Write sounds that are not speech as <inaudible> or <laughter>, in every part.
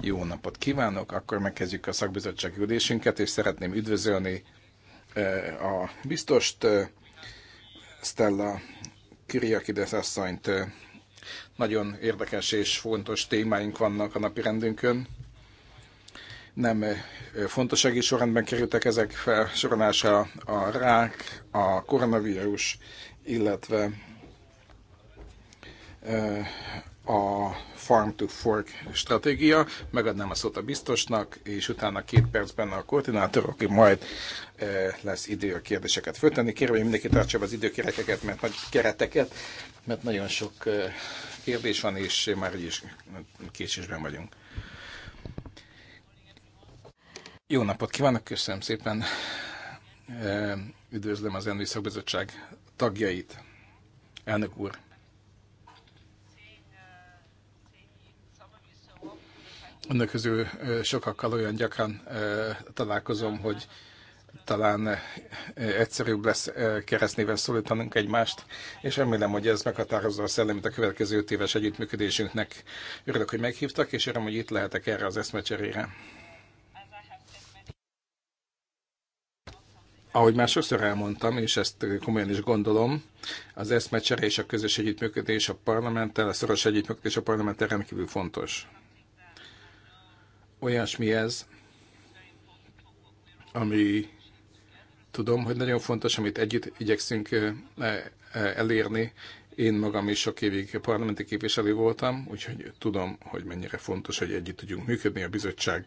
Jó napot kívánok! Akkor megkezdjük a szakbizottság ülésünket, és szeretném üdvözölni a biztost Stella Kiriakides asszonyt. Nagyon érdekes és fontos témáink vannak a napi rendünkön. Nem fontossági sorrendben kerültek ezek fel, sorolása a rák, a koronavírus, illetve a Farm to Fork stratégia. Megadnám a szót a biztosnak, és utána két percben a koordinátor, aki majd e, lesz idő a kérdéseket föltenni. Kérem, hogy mindenki tartsa az időkereteket, mert nagy kereteket, mert nagyon sok e, kérdés van, és már így is késésben vagyunk. Jó napot kívánok, köszönöm szépen. E, üdvözlöm az Envi Szakbizottság tagjait. Elnök úr, Önök közül sokakkal olyan gyakran találkozom, hogy talán egyszerűbb lesz keresztnéven szólítanunk egymást, és remélem, hogy ez meghatározza a szellemét a következő öt éves együttműködésünknek. Örülök, hogy meghívtak, és örülök, hogy itt lehetek erre az eszmecserére. Ahogy már sokszor elmondtam, és ezt komolyan is gondolom, az eszmecsere és a közös együttműködés a parlamenttel, a szoros együttműködés a parlamenttel rendkívül fontos olyasmi ez, ami tudom, hogy nagyon fontos, amit együtt igyekszünk e, e, elérni. Én magam is sok évig parlamenti képviselő voltam, úgyhogy tudom, hogy mennyire fontos, hogy együtt tudjunk működni a bizottság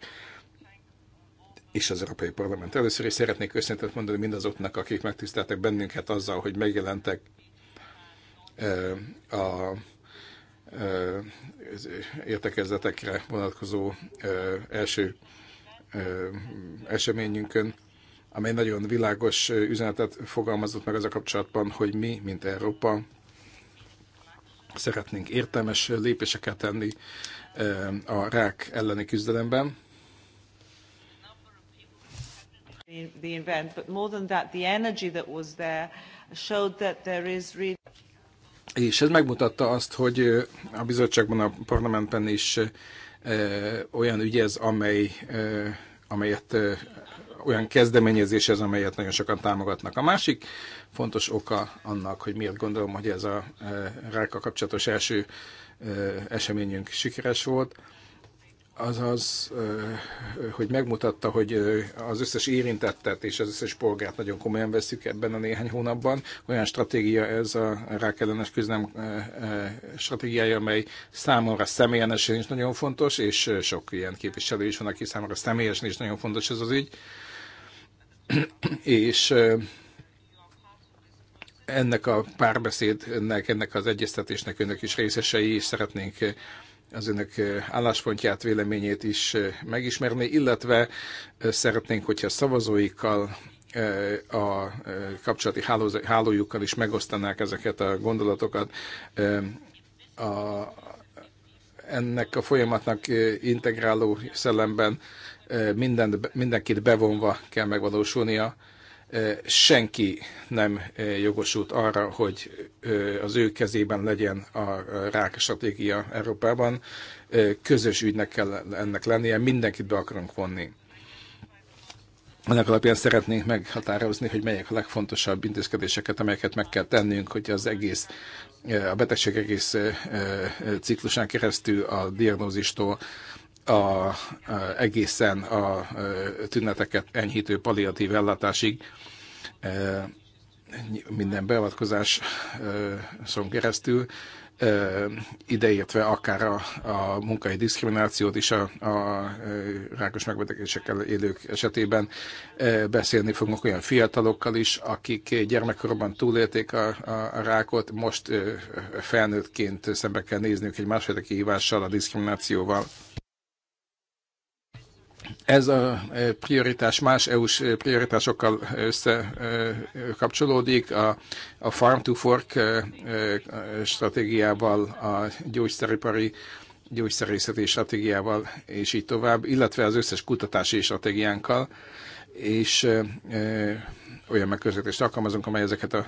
és az Európai Parlament. Először is szeretnék köszöntet mondani mindazoknak, akik megtiszteltek bennünket azzal, hogy megjelentek a értekezletekre vonatkozó első eseményünkön, amely nagyon világos üzenetet fogalmazott meg az a kapcsolatban, hogy mi, mint Európa, szeretnénk értelmes lépéseket tenni a rák elleni küzdelemben. The event, but more than that, the energy that was there showed that there is really és ez megmutatta azt, hogy a bizottságban, a parlamentben is olyan ügy ez, amely, amelyet olyan kezdeményezés ez, amelyet nagyon sokan támogatnak. A másik fontos oka annak, hogy miért gondolom, hogy ez a ráka kapcsolatos első eseményünk sikeres volt, azaz, hogy megmutatta, hogy az összes érintettet és az összes polgárt nagyon komolyan veszük ebben a néhány hónapban. Olyan stratégia ez a rákellenes küzdelem stratégiája, amely számomra személyesen is nagyon fontos, és sok ilyen képviselő is van, aki számomra személyesen is nagyon fontos ez az ügy. <clears throat> és ennek a párbeszédnek, ennek az egyeztetésnek önök is részesei, és szeretnénk az önök álláspontját, véleményét is megismerni, illetve szeretnénk, hogyha szavazóikkal a kapcsolati hálójukkal is megosztanák ezeket a gondolatokat. A, ennek a folyamatnak integráló szellemben mindent, mindenkit bevonva kell megvalósulnia senki nem jogosult arra, hogy az ő kezében legyen a rák stratégia Európában. Közös ügynek kell ennek lennie, mindenkit be akarunk vonni. Ennek alapján szeretnénk meghatározni, hogy melyek a legfontosabb intézkedéseket, amelyeket meg kell tennünk, hogy az egész, a betegség egész ciklusán keresztül a diagnózistól a, a, egészen a tüneteket enyhítő palliatív ellátásig e, minden beavatkozáson e, keresztül, e, ideértve akár a, a munkai diszkriminációt is a, a rákos megbetegésekkel élők esetében. Beszélni fogunk olyan fiatalokkal is, akik gyermekkorban túlélték a, a, a rákot, most felnőttként szembe kell nézniük egy másfajta kihívással, a diszkriminációval ez a e, prioritás más EU-s e, prioritásokkal összekapcsolódik, e, a, a Farm to Fork stratégiával, a gyógyszeripari gyógyszerészeti stratégiával, és így tovább, illetve az összes kutatási stratégiánkkal, és ö, olyan megközelítést alkalmazunk, amely ezeket a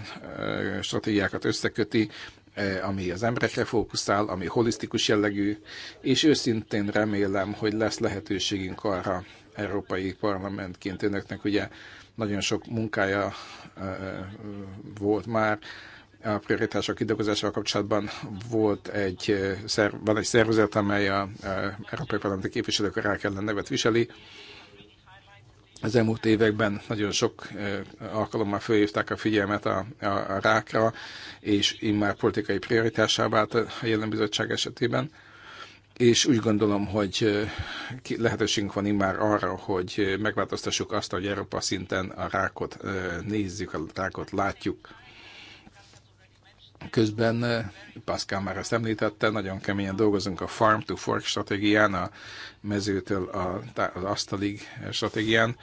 stratégiákat összeköti, E, ami az emberekre fókuszál, ami holisztikus jellegű, és őszintén remélem, hogy lesz lehetőségünk arra Európai Parlamentként önöknek ugye nagyon sok munkája e, e, volt már, a prioritások kidolgozásával kapcsolatban volt egy, van egy szervezet, amely a Európai Parlamenti képviselők rá kellene nevet viseli, az elmúlt években nagyon sok alkalommal felhívták a figyelmet a, a, a rákra, és immár politikai prioritásá vált a jelen bizottság esetében. És úgy gondolom, hogy lehetőségünk van immár arra, hogy megváltoztassuk azt, hogy Európa szinten a rákot nézzük, a rákot látjuk. Közben eh, Pascal már ezt említette, nagyon keményen dolgozunk a Farm to Fork stratégián, a mezőtől a, az asztalig stratégián.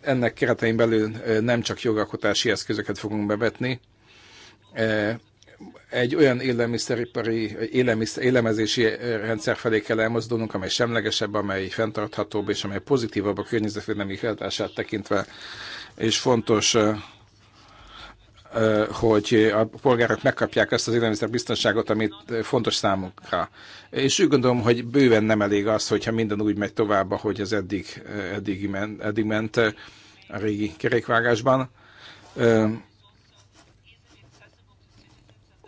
Ennek keretein belül eh, nem csak jogalkotási eszközöket fogunk bevetni, eh, egy olyan élelmiszeripari, élelmiszer, élelmezési rendszer felé kell elmozdulnunk, amely semlegesebb, amely fenntarthatóbb, és amely pozitívabb a környezetvédelmi hatását tekintve, és fontos hogy a polgárok megkapják ezt az élelmiszerbiztonságot, amit fontos számukra. És úgy gondolom, hogy bőven nem elég az, hogyha minden úgy megy tovább, ahogy ez eddig, eddig, ment, eddig ment a régi kerékvágásban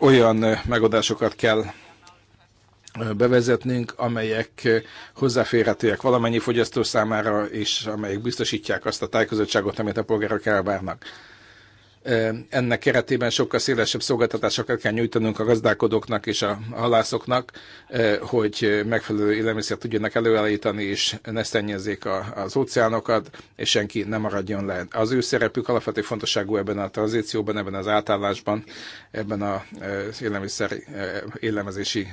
olyan megoldásokat kell bevezetnünk, amelyek hozzáférhetőek valamennyi fogyasztó számára, és amelyek biztosítják azt a tájékozottságot, amit a polgárok elvárnak. Ennek keretében sokkal szélesebb szolgáltatásokat kell nyújtanunk a gazdálkodóknak és a halászoknak, hogy megfelelő élelmiszert tudjanak előállítani, és ne szennyezzék az óceánokat, és senki ne maradjon le. Az ő szerepük alapvető fontosságú ebben a tranzícióban, ebben az átállásban, ebben az élelmiszer, élelmezési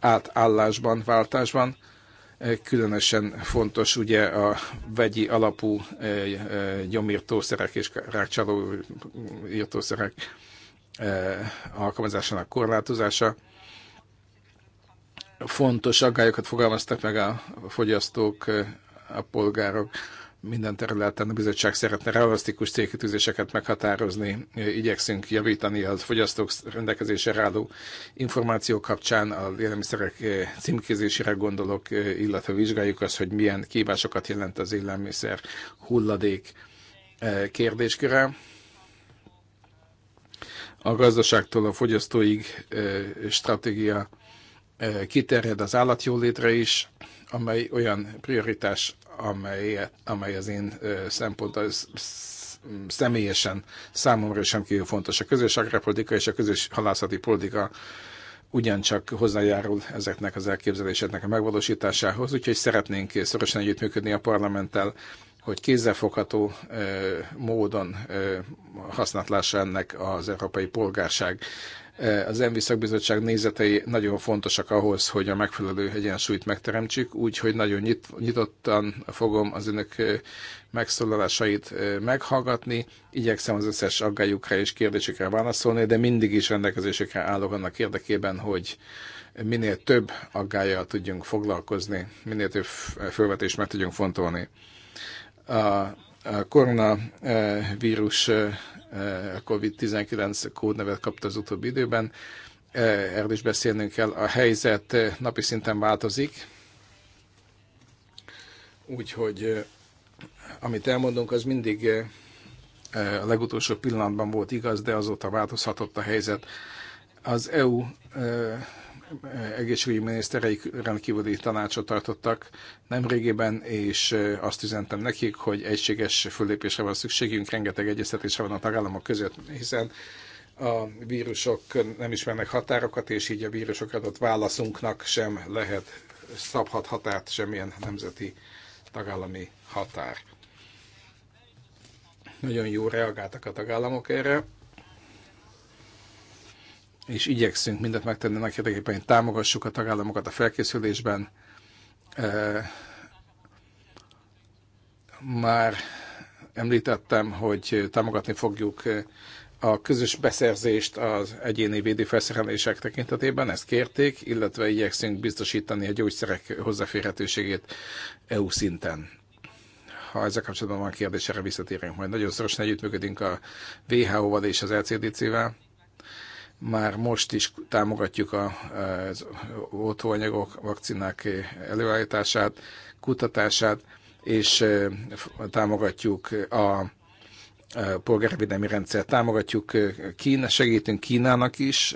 átállásban, váltásban Különösen fontos ugye a vegyi alapú eh, eh, gyomírtószerek és rákcsáló írtószerek eh, alkalmazásának korlátozása. Fontos aggályokat fogalmaztak meg a fogyasztók, a polgárok minden területen a bizottság szeretne realisztikus célkitűzéseket meghatározni, igyekszünk javítani a fogyasztók rendelkezésre álló információ kapcsán, a élelmiszerek eh, címkézésére gondolok, eh, illetve vizsgáljuk azt, hogy milyen kívásokat jelent az élelmiszer hulladék eh, kérdésköre. A gazdaságtól a fogyasztóig stratégia kiterjed az állatjólétre is, amely olyan prioritás, amely, amely az én szempont az személyesen számomra sem kívül fontos. A közös agrárpolitika és a közös halászati politika ugyancsak hozzájárul ezeknek az elképzeléseknek a megvalósításához, úgyhogy szeretnénk szorosan együttműködni a parlamenttel, hogy kézzelfogható módon használatlása ennek az európai polgárság Eh, az ENVI szakbizottság nézetei nagyon fontosak ahhoz, hogy a megfelelő egyensúlyt megteremtsük, úgyhogy nagyon nyit, nyitottan fogom az önök eh, megszólalásait eh, meghallgatni. Igyekszem az összes aggályukra és kérdésükre válaszolni, de mindig is rendelkezésükre állok annak érdekében, hogy minél több aggályjal tudjunk foglalkozni, minél több felvetést meg tudjunk fontolni. A a koronavírus eh, eh, eh, COVID-19 kódnevet kapta az utóbbi időben, erről is beszélnünk kell. A helyzet napi szinten változik, úgyhogy amit elmondunk, az mindig a legutolsó pillanatban volt igaz, de azóta változhatott a helyzet. Az EU egészségügyi minisztereik rendkívüli tanácsot tartottak nemrégében, és azt üzentem nekik, hogy egységes fölépésre van szükségünk, rengeteg egyeztetésre van a tagállamok között, hiszen a vírusok nem ismernek határokat, és így a vírusok adott válaszunknak sem lehet szabhat határt semmilyen nemzeti tagállami határ. Nagyon jó reagáltak a tagállamok erre és igyekszünk mindent megtenni annak érdekében, hogy támogassuk a tagállamokat a felkészülésben. Már említettem, hogy támogatni fogjuk a közös beszerzést az egyéni védőfelszerelések tekintetében, ezt kérték, illetve igyekszünk biztosítani a gyógyszerek hozzáférhetőségét EU szinten. Ha ezzel kapcsolatban van kérdés, erre visszatérünk majd. Nagyon szorosan együttműködünk a WHO-val és az LCDC-vel már most is támogatjuk az oltóanyagok, vakcinák előállítását, kutatását, és eh, támogatjuk a polgárvédelmi rendszer. Támogatjuk Kína, segítünk Kínának is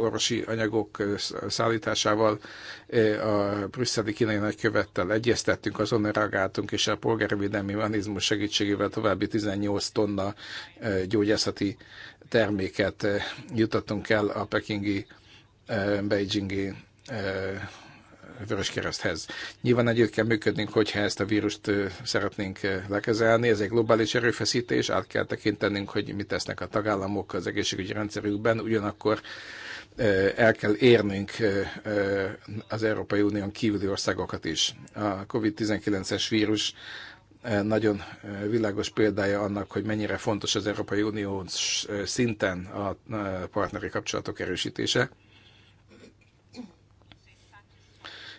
orvosi anyagok szállításával. A brüsszeli kínai nagykövettel egyeztettünk, azonnal reagáltunk, és a polgárvédelmi mechanizmus segítségével további 18 tonna gyógyászati terméket jutottunk el a pekingi, beijingi Vöröskereszthez. Nyilván együtt kell működnünk, hogyha ezt a vírust szeretnénk lekezelni. Ez egy globális erőfeszítés, át kell tekintenünk, hogy mit tesznek a tagállamok az egészségügyi rendszerükben, ugyanakkor el kell érnünk az Európai Unión kívüli országokat is. A COVID-19-es vírus nagyon világos példája annak, hogy mennyire fontos az Európai Unió szinten a partneri kapcsolatok erősítése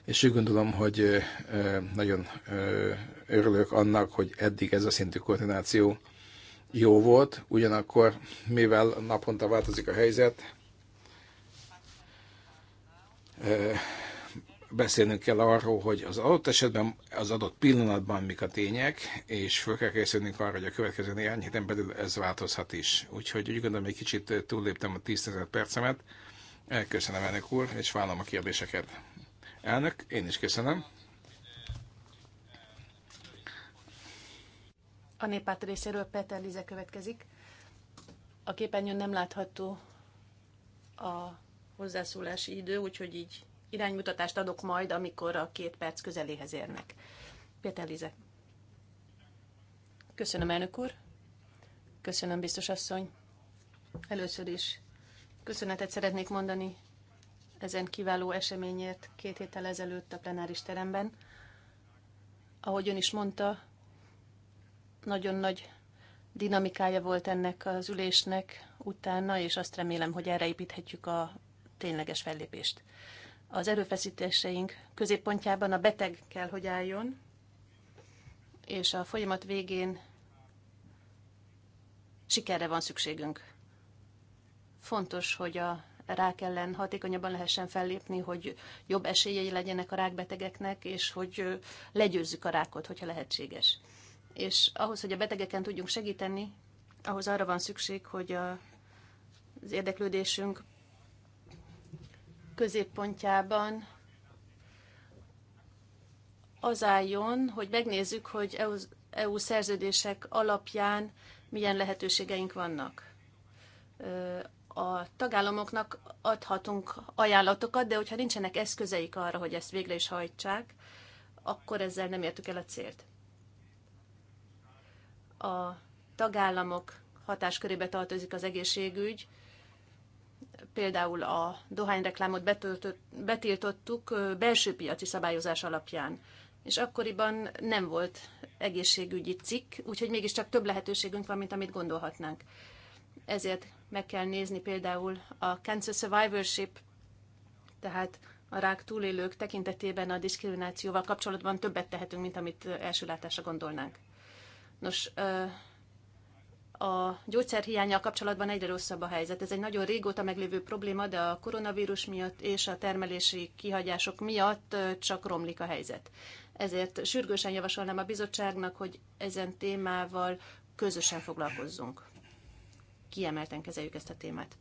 és úgy gondolom, hogy nagyon örülök annak, hogy eddig ez a szintű koordináció jó volt, ugyanakkor mivel naponta változik a helyzet, beszélnünk kell arról, hogy az adott esetben, az adott pillanatban mik a tények, és föl kell készülnünk arra, hogy a következő néhány héten belül ez változhat is. Úgyhogy úgy gondolom, egy kicsit túlléptem a 10 percemet. Köszönöm ennek úr, és vállom a kérdéseket. Elnök, én is köszönöm. A néppárt részéről Péter Lize következik. A képernyőn nem látható a hozzászólási idő, úgyhogy így iránymutatást adok majd, amikor a két perc közeléhez érnek. Péter Lize. Köszönöm, elnök úr. Köszönöm, biztos asszony. Először is köszönetet szeretnék mondani ezen kiváló eseményért két héttel ezelőtt a plenáris teremben. Ahogy ön is mondta, nagyon nagy dinamikája volt ennek az ülésnek utána, és azt remélem, hogy erre építhetjük a tényleges fellépést. Az erőfeszítéseink középpontjában a beteg kell, hogy álljon, és a folyamat végén sikerre van szükségünk. Fontos, hogy a rák ellen hatékonyabban lehessen fellépni, hogy jobb esélyei legyenek a rákbetegeknek, és hogy legyőzzük a rákot, hogyha lehetséges. És ahhoz, hogy a betegeken tudjunk segíteni, ahhoz arra van szükség, hogy a, az érdeklődésünk középpontjában az álljon, hogy megnézzük, hogy EU, EU szerződések alapján milyen lehetőségeink vannak a tagállamoknak adhatunk ajánlatokat, de hogyha nincsenek eszközeik arra, hogy ezt végre is hajtsák, akkor ezzel nem értük el a célt. A tagállamok hatáskörébe tartozik az egészségügy, például a dohányreklámot betiltottuk belső piaci szabályozás alapján, és akkoriban nem volt egészségügyi cikk, úgyhogy mégiscsak több lehetőségünk van, mint amit gondolhatnánk ezért meg kell nézni például a Cancer Survivorship, tehát a rák túlélők tekintetében a diszkriminációval kapcsolatban többet tehetünk, mint amit első látásra gondolnánk. Nos, a gyógyszerhiányjal kapcsolatban egyre rosszabb a helyzet. Ez egy nagyon régóta meglévő probléma, de a koronavírus miatt és a termelési kihagyások miatt csak romlik a helyzet. Ezért sürgősen javasolnám a bizottságnak, hogy ezen témával közösen foglalkozzunk kiemelten kezeljük ezt a témát.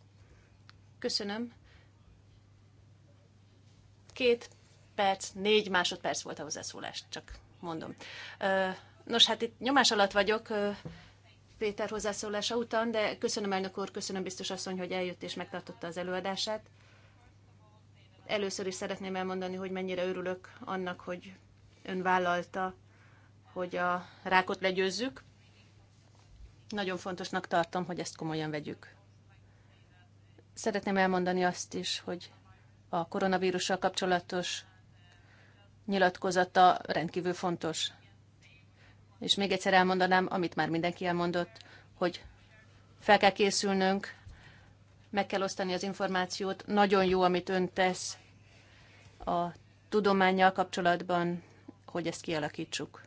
Köszönöm. Két perc, négy másodperc volt a hozzászólás, csak mondom. Nos, hát itt nyomás alatt vagyok Péter hozzászólása után, de köszönöm elnök úr, köszönöm biztos asszony, hogy eljött és megtartotta az előadását. Először is szeretném elmondani, hogy mennyire örülök annak, hogy ön vállalta, hogy a rákot legyőzzük. Nagyon fontosnak tartom, hogy ezt komolyan vegyük. Szeretném elmondani azt is, hogy a koronavírussal kapcsolatos nyilatkozata rendkívül fontos. És még egyszer elmondanám, amit már mindenki elmondott, hogy fel kell készülnünk, meg kell osztani az információt. Nagyon jó, amit ön tesz a tudományjal kapcsolatban, hogy ezt kialakítsuk,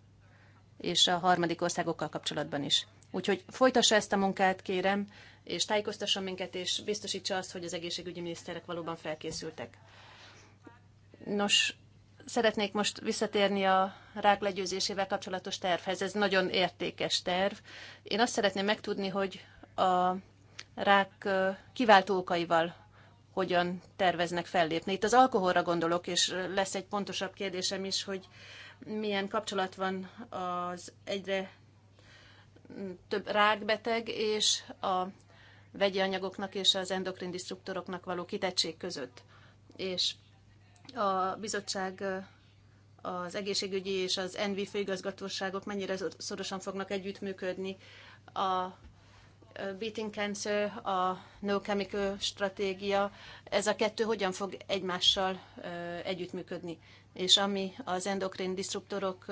és a harmadik országokkal kapcsolatban is. Úgyhogy folytassa ezt a munkát, kérem, és tájékoztassa minket, és biztosítsa azt, hogy az egészségügyi miniszterek valóban felkészültek. Nos, szeretnék most visszatérni a rák legyőzésével kapcsolatos tervhez. Ez nagyon értékes terv. Én azt szeretném megtudni, hogy a rák kiváltó okaival hogyan terveznek fellépni. Itt az alkoholra gondolok, és lesz egy pontosabb kérdésem is, hogy milyen kapcsolat van az egyre több rákbeteg és a vegyi anyagoknak és az endokrin disruptoroknak való kitettség között. És a bizottság az egészségügyi és az ENVI főigazgatóságok mennyire szorosan fognak együttműködni a Beating Cancer, a No Chemical stratégia, ez a kettő hogyan fog egymással együttműködni? És ami az endokrin disruptorok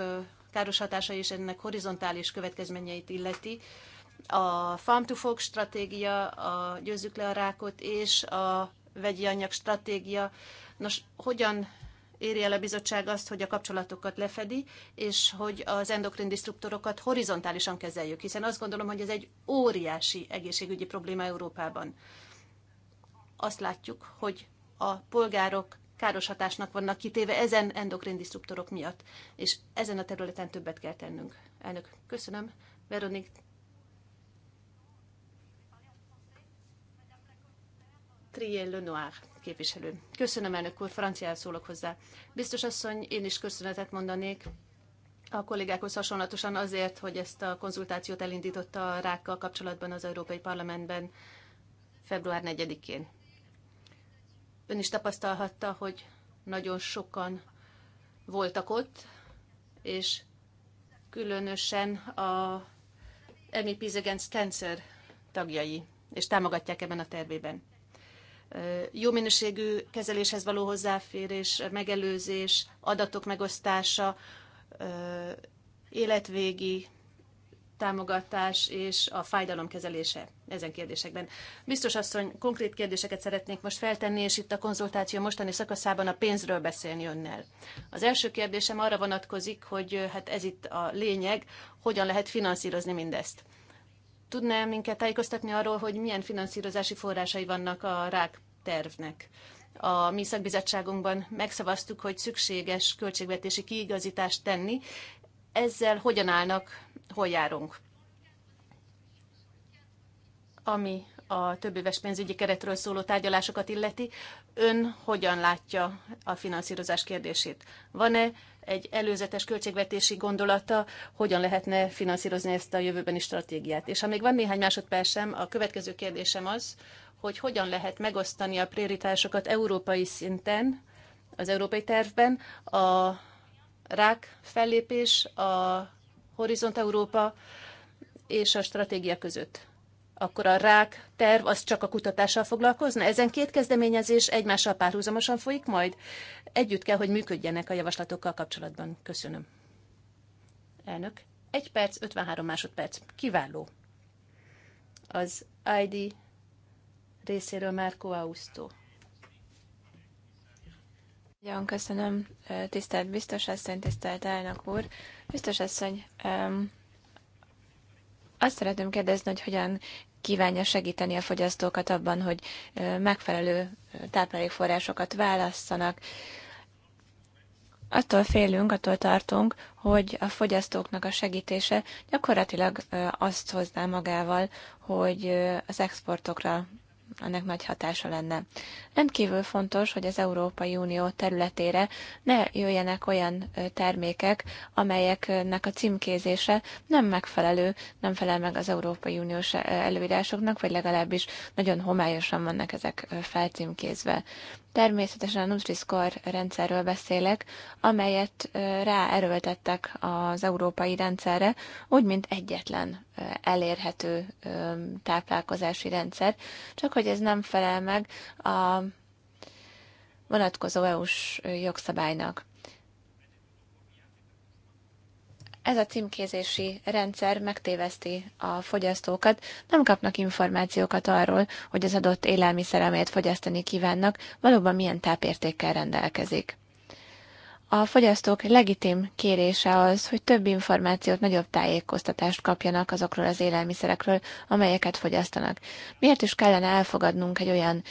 káros hatásai és ennek horizontális következményeit illeti. A Farm to Fork stratégia, a győzzük le a rákot és a vegyi anyag stratégia. Nos, hogyan éri el a bizottság azt, hogy a kapcsolatokat lefedi, és hogy az endokrin disruptorokat horizontálisan kezeljük, hiszen azt gondolom, hogy ez egy óriási egészségügyi probléma Európában. Azt látjuk, hogy a polgárok káros hatásnak vannak kitéve ezen endokrin disruptorok miatt, és ezen a területen többet kell tennünk. Elnök, köszönöm. Veronik. Trier Lenoir képviselő. Köszönöm, elnök úr, franciául szólok hozzá. Biztos asszony, én is köszönetet mondanék a kollégákhoz hasonlatosan azért, hogy ezt a konzultációt elindította a rákkal kapcsolatban az Európai Parlamentben február 4-én. Ön is tapasztalhatta, hogy nagyon sokan voltak ott, és különösen a MEPs Against Cancer tagjai, és támogatják ebben a tervében. Jó minőségű kezeléshez való hozzáférés, megelőzés, adatok megosztása, életvégi támogatás és a fájdalom kezelése ezen kérdésekben. Biztos asszony, konkrét kérdéseket szeretnék most feltenni, és itt a konzultáció mostani szakaszában a pénzről beszélni önnel. Az első kérdésem arra vonatkozik, hogy hát ez itt a lényeg, hogyan lehet finanszírozni mindezt. Tudná minket tájékoztatni arról, hogy milyen finanszírozási forrásai vannak a rák tervnek? a mi szakbizottságunkban megszavaztuk, hogy szükséges költségvetési kiigazítást tenni, ezzel hogyan állnak, hol járunk. Ami a több éves pénzügyi keretről szóló tárgyalásokat illeti, ön hogyan látja a finanszírozás kérdését? Van-e egy előzetes költségvetési gondolata, hogyan lehetne finanszírozni ezt a jövőbeni stratégiát? És ha még van néhány másodpercem, a következő kérdésem az, hogy hogyan lehet megosztani a prioritásokat európai szinten, az európai tervben, a rák fellépés, a Horizont Európa és a stratégia között. Akkor a rák terv az csak a kutatással foglalkozna? Ezen két kezdeményezés egymással párhuzamosan folyik majd? Együtt kell, hogy működjenek a javaslatokkal kapcsolatban. Köszönöm. Elnök. Egy perc, 53 másodperc. Kiváló. Az ID részéről Márko Ausztó. Nagyon köszönöm, tisztelt biztos asszony, tisztelt elnök úr. Biztos asszony, azt szeretném kérdezni, hogy hogyan kívánja segíteni a fogyasztókat abban, hogy megfelelő táplálékforrásokat válasszanak. Attól félünk, attól tartunk, hogy a fogyasztóknak a segítése gyakorlatilag azt hozná magával, hogy az exportokra ennek nagy hatása lenne. Rendkívül fontos, hogy az Európai Unió területére ne jöjjenek olyan termékek, amelyeknek a címkézése nem megfelelő, nem felel meg az Európai Uniós előírásoknak, vagy legalábbis nagyon homályosan vannak ezek felcímkézve. Természetesen a Nutri-Score rendszerről beszélek, amelyet ráerőltettek az európai rendszerre, úgy, mint egyetlen elérhető táplálkozási rendszer, csak hogy ez nem felel meg a vonatkozó EU-s jogszabálynak ez a címkézési rendszer megtéveszti a fogyasztókat, nem kapnak információkat arról, hogy az adott élelmiszeremét fogyasztani kívánnak, valóban milyen tápértékkel rendelkezik a fogyasztók legitim kérése az, hogy több információt, nagyobb tájékoztatást kapjanak azokról az élelmiszerekről, amelyeket fogyasztanak. Miért is kellene elfogadnunk egy olyan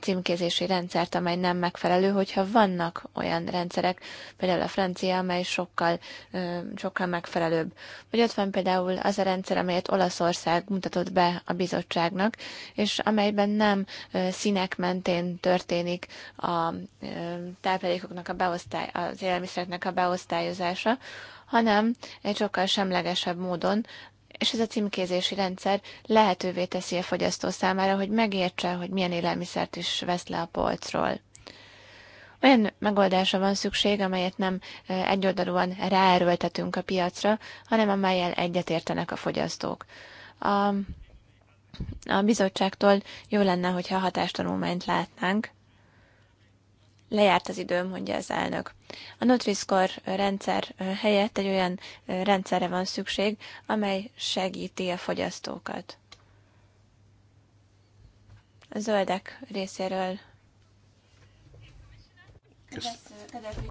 címkézési rendszert, amely nem megfelelő, hogyha vannak olyan rendszerek, például a francia, amely sokkal, sokkal megfelelőbb. Vagy ott van például az a rendszer, amelyet Olaszország mutatott be a bizottságnak, és amelyben nem színek mentén történik a táplálékoknak a beosztály, az az élelmiszernek a beosztályozása, hanem egy sokkal semlegesebb módon és ez a címkézési rendszer lehetővé teszi a fogyasztó számára, hogy megértse, hogy milyen élelmiszert is vesz le a polcról. Olyan megoldásra van szükség, amelyet nem egyoldalúan ráerőltetünk a piacra, hanem amelyel egyetértenek a fogyasztók. A, a bizottságtól jó lenne, hogyha hatástanulmányt látnánk, Lejárt az időm, mondja az elnök. A Nutriscore rendszer helyett egy olyan rendszerre van szükség, amely segíti a fogyasztókat. A zöldek részéről.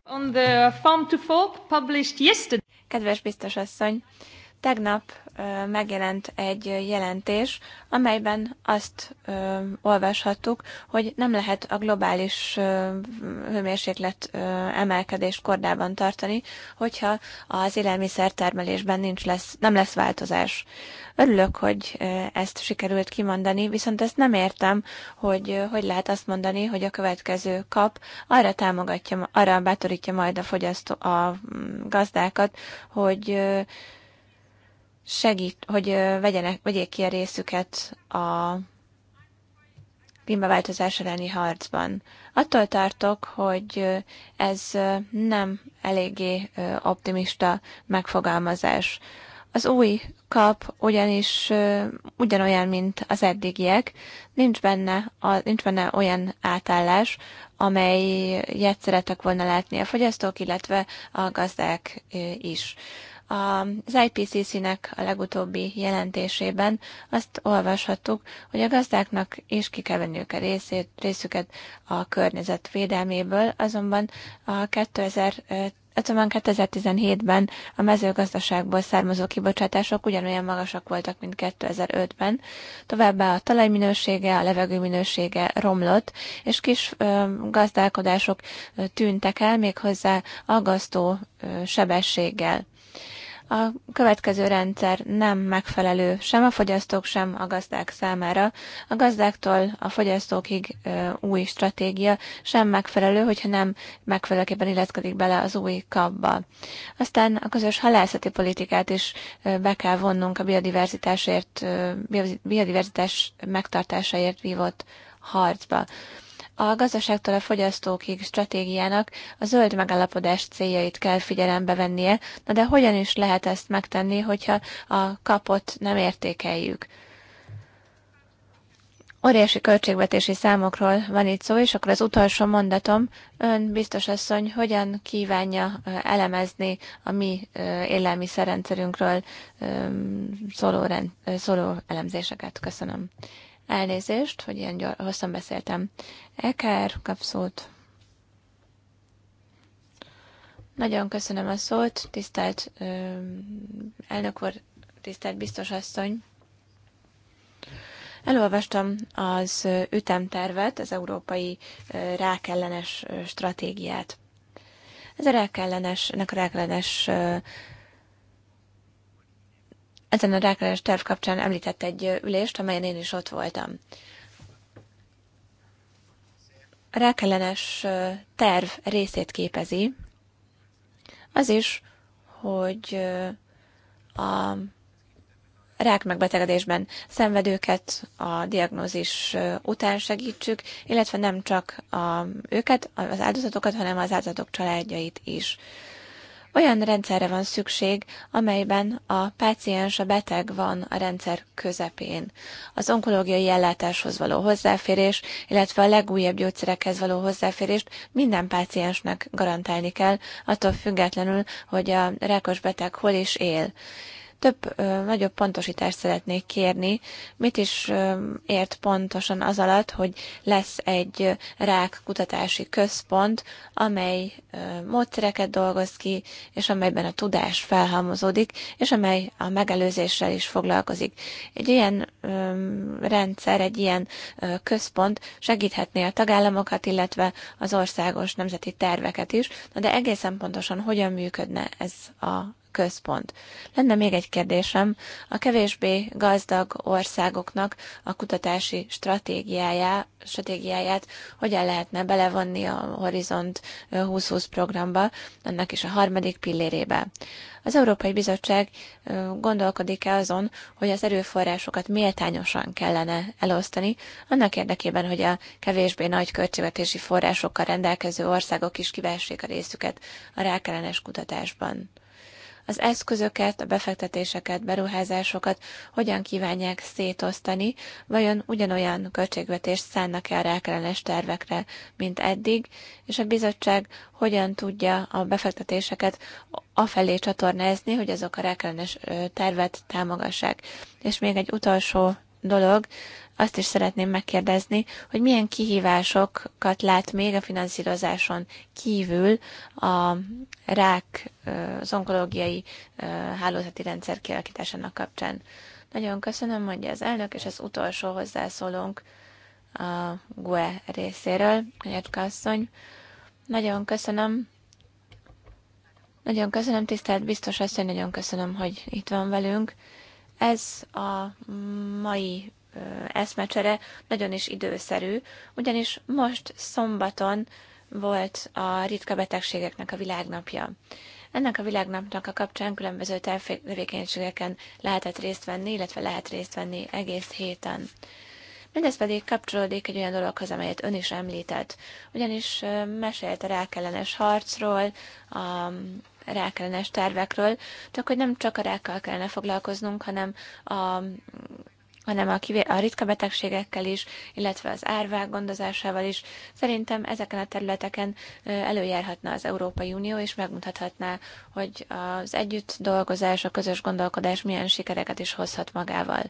On the farm to published yesterday. Kedves biztos asszony, Tegnap megjelent egy jelentés, amelyben azt olvashattuk, hogy nem lehet a globális hőmérséklet emelkedést kordában tartani, hogyha az élelmiszertermelésben nincs lesz, nem lesz változás. Örülök, hogy ezt sikerült kimondani, viszont ezt nem értem, hogy hogy lehet azt mondani, hogy a következő kap arra támogatja, arra bátorítja majd a fogyasztó, a mm, gazdákat, hogy segít, hogy vegyenek, vegyék ki a részüket a klímaváltozás elleni harcban. Attól tartok, hogy ez nem eléggé optimista megfogalmazás. Az új kap ugyanis ugyanolyan, mint az eddigiek, nincs benne, a, nincs benne olyan átállás, amelyet szeretek volna látni a fogyasztók, illetve a gazdák is. Az IPCC-nek a legutóbbi jelentésében azt olvashattuk, hogy a gazdáknak is ki kell venniük a részét, részüket a környezet védelméből, azonban a 2000 Azonban 2017-ben a mezőgazdaságból származó kibocsátások ugyanolyan magasak voltak, mint 2005-ben. Továbbá a talajminősége, a levegő minősége romlott, és kis ö, gazdálkodások ö, tűntek el, méghozzá aggasztó ö, sebességgel. A következő rendszer nem megfelelő sem a fogyasztók, sem a gazdák számára. A gazdáktól a fogyasztókig új stratégia sem megfelelő, hogyha nem megfelelőképpen illeszkedik bele az új kapba. Aztán a közös halászati politikát is be kell vonnunk a biodiverzitásért, biodiverzitás megtartásáért vívott harcba. A gazdaságtól a fogyasztókig stratégiának a zöld megállapodás céljait kell figyelembe vennie, na de hogyan is lehet ezt megtenni, hogyha a kapot nem értékeljük? Óriási költségvetési számokról van itt szó, és akkor az utolsó mondatom, ön biztos asszony, hogyan kívánja elemezni a mi élelmiszerrendszerünkről szóló, rend, szóló elemzéseket. Köszönöm. Elnézést, hogy ilyen gyar- hosszan beszéltem. Eker kap szót. Nagyon köszönöm a szót, tisztelt ö, elnök úr, tisztelt biztos asszony. Elolvastam az ütemtervet, az európai rákellenes stratégiát. Ez a rákellenes, ennek a rákellenes ezen a rákelés terv kapcsán említett egy ülést, amelyen én is ott voltam. A rákellenes terv részét képezi az is, hogy a rák megbetegedésben szenvedőket a diagnózis után segítsük, illetve nem csak a, őket, az áldozatokat, hanem az áldozatok családjait is. Olyan rendszerre van szükség, amelyben a páciens, a beteg van a rendszer közepén. Az onkológiai ellátáshoz való hozzáférés, illetve a legújabb gyógyszerekhez való hozzáférést minden páciensnek garantálni kell, attól függetlenül, hogy a rákos beteg hol is él több ö, nagyobb pontosítást szeretnék kérni. Mit is ö, ért pontosan az alatt, hogy lesz egy rák kutatási központ, amely ö, módszereket dolgoz ki, és amelyben a tudás felhalmozódik, és amely a megelőzéssel is foglalkozik. Egy ilyen ö, rendszer, egy ilyen ö, központ segíthetné a tagállamokat, illetve az országos nemzeti terveket is, Na de egészen pontosan hogyan működne ez a központ. Lenne még egy kérdésem. A kevésbé gazdag országoknak a kutatási stratégiájá, stratégiáját hogyan lehetne belevonni a Horizont 2020 programba, annak is a harmadik pillérébe. Az Európai Bizottság gondolkodik-e azon, hogy az erőforrásokat méltányosan kellene elosztani, annak érdekében, hogy a kevésbé nagy költségvetési forrásokkal rendelkező országok is kivessék a részüket a rákellenes kutatásban az eszközöket, a befektetéseket, beruházásokat hogyan kívánják szétosztani, vajon ugyanolyan költségvetést szánnak el rákelenes tervekre, mint eddig, és a bizottság hogyan tudja a befektetéseket afelé csatornázni, hogy azok a rákelenes tervet támogassák. És még egy utolsó dolog, azt is szeretném megkérdezni, hogy milyen kihívásokat lát még a finanszírozáson kívül a rák, az onkológiai hálózati rendszer kialakításának kapcsán. Nagyon köszönöm, mondja az elnök, és az utolsó hozzászólónk a GUE részéről, Kanyacska asszony. Nagyon köszönöm. Nagyon köszönöm, tisztelt biztos asszony, nagyon köszönöm, hogy itt van velünk. Ez a mai eszmecsere nagyon is időszerű, ugyanis most szombaton volt a ritka betegségeknek a világnapja. Ennek a világnapnak a kapcsán különböző tevékenységeken lehetett részt venni, illetve lehet részt venni egész héten. Mindez pedig kapcsolódik egy olyan dologhoz, amelyet ön is említett, ugyanis mesélte a rákellenes harcról, a rákellenes tervekről, csak hogy nem csak a rákkal kellene foglalkoznunk, hanem a hanem a, kivé- a ritka betegségekkel is, illetve az árvák gondozásával is. Szerintem ezeken a területeken előjárhatna az Európai Unió, és megmutathatná, hogy az együtt dolgozás, a közös gondolkodás milyen sikereket is hozhat magával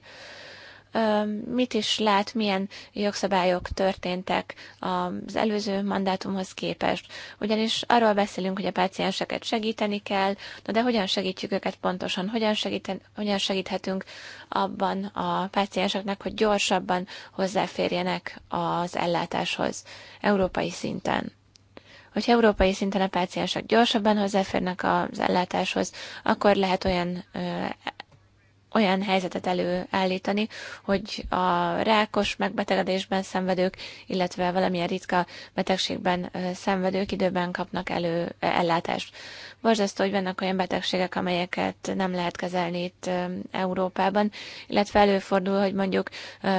mit is lát, milyen jogszabályok történtek az előző mandátumhoz képest. Ugyanis arról beszélünk, hogy a pácienseket segíteni kell, na de hogyan segítjük őket pontosan, hogyan, segíten, hogyan segíthetünk abban a pácienseknek, hogy gyorsabban hozzáférjenek az ellátáshoz európai szinten Hogyha európai szinten a páciensek gyorsabban hozzáférnek az ellátáshoz, akkor lehet olyan olyan helyzetet előállítani, hogy a rákos megbetegedésben szenvedők, illetve valamilyen ritka betegségben szenvedők időben kapnak elő ellátást. Borzasztó, hogy vannak olyan betegségek, amelyeket nem lehet kezelni itt Európában, illetve előfordul, hogy mondjuk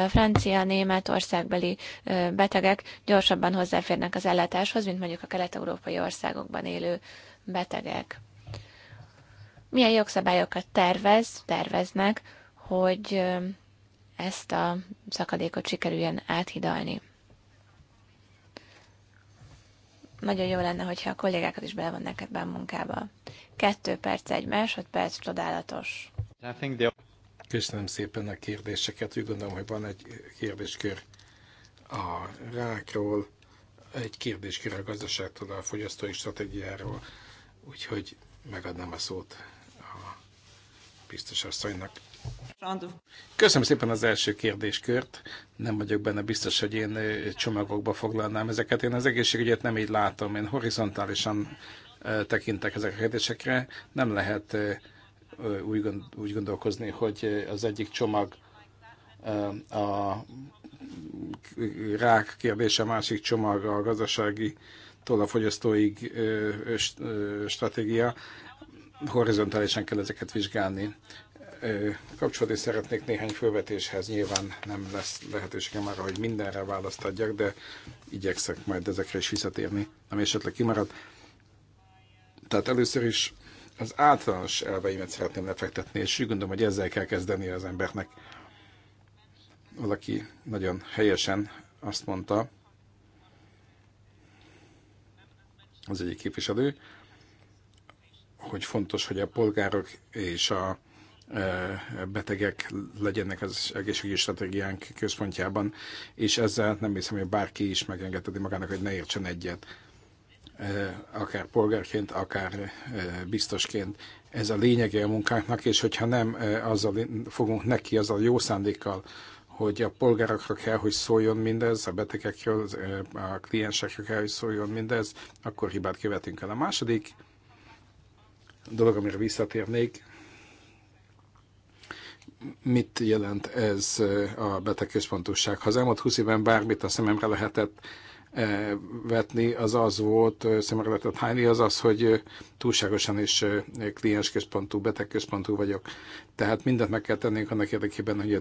francia, német országbeli betegek gyorsabban hozzáférnek az ellátáshoz, mint mondjuk a kelet-európai országokban élő betegek milyen jogszabályokat tervez, terveznek, hogy ezt a szakadékot sikerüljen áthidalni. Nagyon jó lenne, hogyha a kollégákat is belevonnak ebbe a munkába. Kettő perc, egy másodperc, csodálatos. Köszönöm szépen a kérdéseket. Úgy gondolom, hogy van egy kérdéskör a rákról, egy kérdéskör a gazdaságtól, a fogyasztói stratégiáról, úgyhogy megadnám a szót biztos asszonynak. Köszönöm szépen az első kérdéskört. Nem vagyok benne biztos, hogy én csomagokba foglalnám ezeket. Én az egészségügyet nem így látom. Én horizontálisan tekintek ezek a kérdésekre. Nem lehet úgy, gondolkozni, hogy az egyik csomag a rák kérdése, a másik csomag a gazdasági tól a fogyasztóig ö, ö, stratégia horizontálisan kell ezeket vizsgálni. Kapcsolódni szeretnék néhány felvetéshez, nyilván nem lesz lehetőségem arra, hogy mindenre választ adjak, de igyekszek majd ezekre is visszatérni, ami esetleg kimarad. Tehát először is az általános elveimet szeretném lefektetni, és úgy gondolom, hogy ezzel kell kezdeni az embernek. Valaki nagyon helyesen azt mondta, az egyik képviselő, hogy fontos, hogy a polgárok és a e, betegek legyenek az egészségügyi stratégiánk központjában, és ezzel nem hiszem, hogy bárki is megengedheti magának, hogy ne értsen egyet, e, akár polgárként, akár e, biztosként. Ez a lényege a munkánknak, és hogyha nem azzal fogunk neki, azzal jó szándékkal, hogy a polgárokra kell, hogy szóljon mindez, a betegekről, a kliensekről kell, hogy szóljon mindez, akkor hibát követünk el. A második, dolog, amire visszatérnék. Mit jelent ez a betegközpontúság? Ha az elmúlt 20 évben bármit a szememre lehetett vetni, az az volt, szememre lehetett hányni, az az, hogy túlságosan is kliensközpontú, betegközpontú vagyok. Tehát mindent meg kell tennünk annak érdekében, hogy a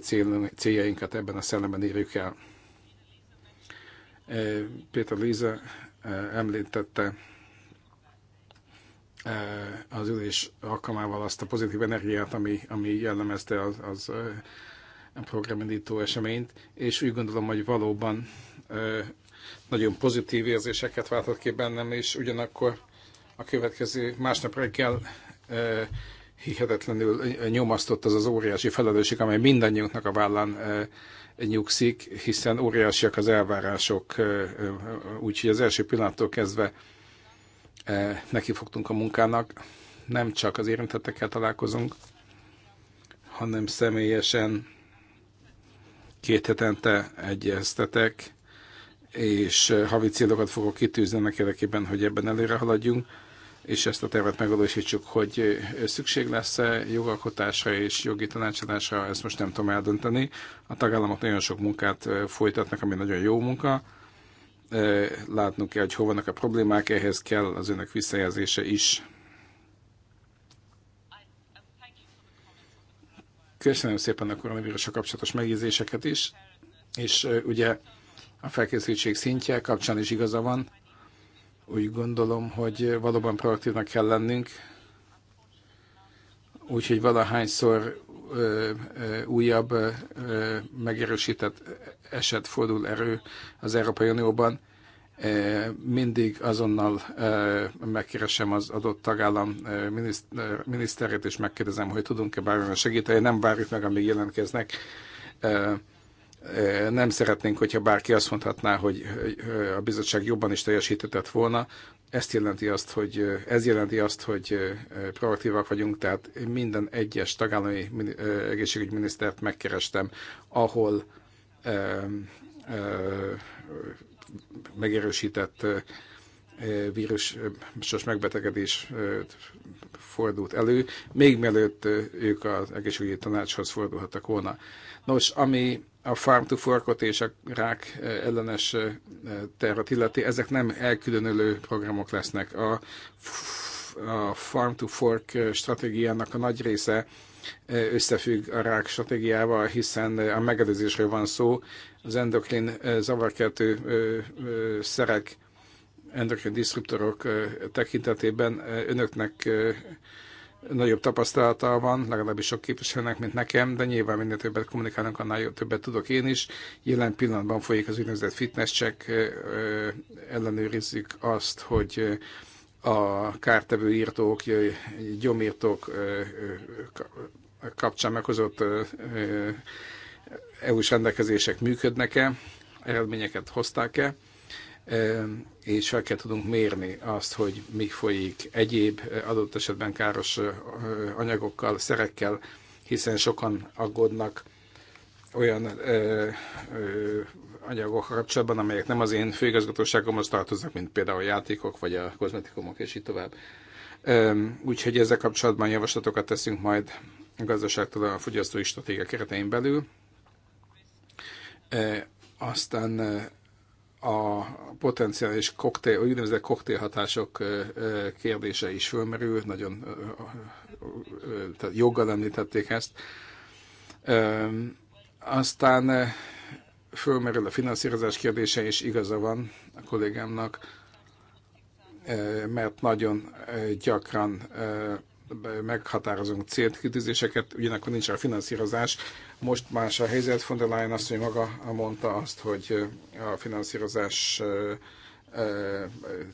céljainkat ebben a szellemben érjük el. Péter Líza említette az ülés alkalmával azt a pozitív energiát, ami, ami jellemezte az, az a programindító eseményt, és úgy gondolom, hogy valóban nagyon pozitív érzéseket váltott ki bennem, és ugyanakkor a következő másnap reggel hihetetlenül nyomasztott az az óriási felelősség, amely mindannyiunknak a vállán nyugszik, hiszen óriásiak az elvárások, úgyhogy az első pillanattól kezdve Eh, nekifogtunk a munkának. Nem csak az érintettekkel találkozunk, hanem személyesen két hetente egyeztetek, és eh, havi célokat fogok kitűzni ennek érdekében, hogy ebben előre haladjunk, és ezt a tervet megvalósítsuk, hogy eh, szükség lesz-e jogalkotásra és jogi tanácsadásra, ezt most nem tudom eldönteni. A tagállamok nagyon sok munkát folytatnak, ami nagyon jó munka, látnunk kell, hogy hol vannak a problémák, ehhez kell az önök visszajelzése is. Köszönöm szépen a koronavírusra kapcsolatos megjegyzéseket is, és ugye a felkészültség szintje kapcsán is igaza van. Úgy gondolom, hogy valóban proaktívnak kell lennünk, úgyhogy valahányszor újabb megerősített eset fordul erő az Európai Unióban, mindig azonnal megkeresem az adott tagállam miniszterét, és megkérdezem, hogy tudunk-e bármilyen segíteni. Nem várjuk meg, amíg jelentkeznek. Nem szeretnénk, hogyha bárki azt mondhatná, hogy a bizottság jobban is teljesített volna ezt jelenti azt, hogy ez jelenti azt, hogy proaktívak vagyunk, tehát minden egyes tagállami egészségügyminisztert megkerestem, ahol megerősített vírus, sos megbetegedés fordult elő, még mielőtt ők az egészségügyi tanácshoz fordulhattak volna. Nos, ami a farm to forkot és a rák ellenes tervet illeti, ezek nem elkülönülő programok lesznek. A, a farm to fork stratégiának a nagy része összefügg a rák stratégiával, hiszen a megelőzésről van szó, az endokrin zavarkeltő szerek endokrin diszruptorok tekintetében önöknek nagyobb tapasztalata van, legalábbis sok képviselőnek, mint nekem, de nyilván minél többet kommunikálunk, annál jobb, többet tudok én is. Jelen pillanatban folyik az úgynevezett fitness check, ellenőrizzük azt, hogy a kártevő írtók, gyomírtók kapcsán meghozott EU-s rendelkezések működnek-e, eredményeket hozták-e és fel kell tudunk mérni azt, hogy mi folyik egyéb adott esetben káros anyagokkal, szerekkel, hiszen sokan aggódnak olyan ö, ö, anyagok kapcsolatban, amelyek nem az én főigazgatóságomhoz tartoznak, mint például a játékok, vagy a kozmetikumok, és így tovább. Ö, úgyhogy ezzel kapcsolatban javaslatokat teszünk majd a gazdaságtól a fogyasztói stratégia keretein belül. Ö, aztán a potenciális koktél, úgynevezett koktélhatások kérdése is fölmerül, nagyon tehát joggal említették ezt. Aztán fölmerül a finanszírozás kérdése, és igaza van a kollégámnak, mert nagyon gyakran meghatározunk célkitűzéseket, ugyanakkor nincs a finanszírozás, most más a helyzet, von der Leyen azt, hogy maga mondta azt, hogy a finanszírozás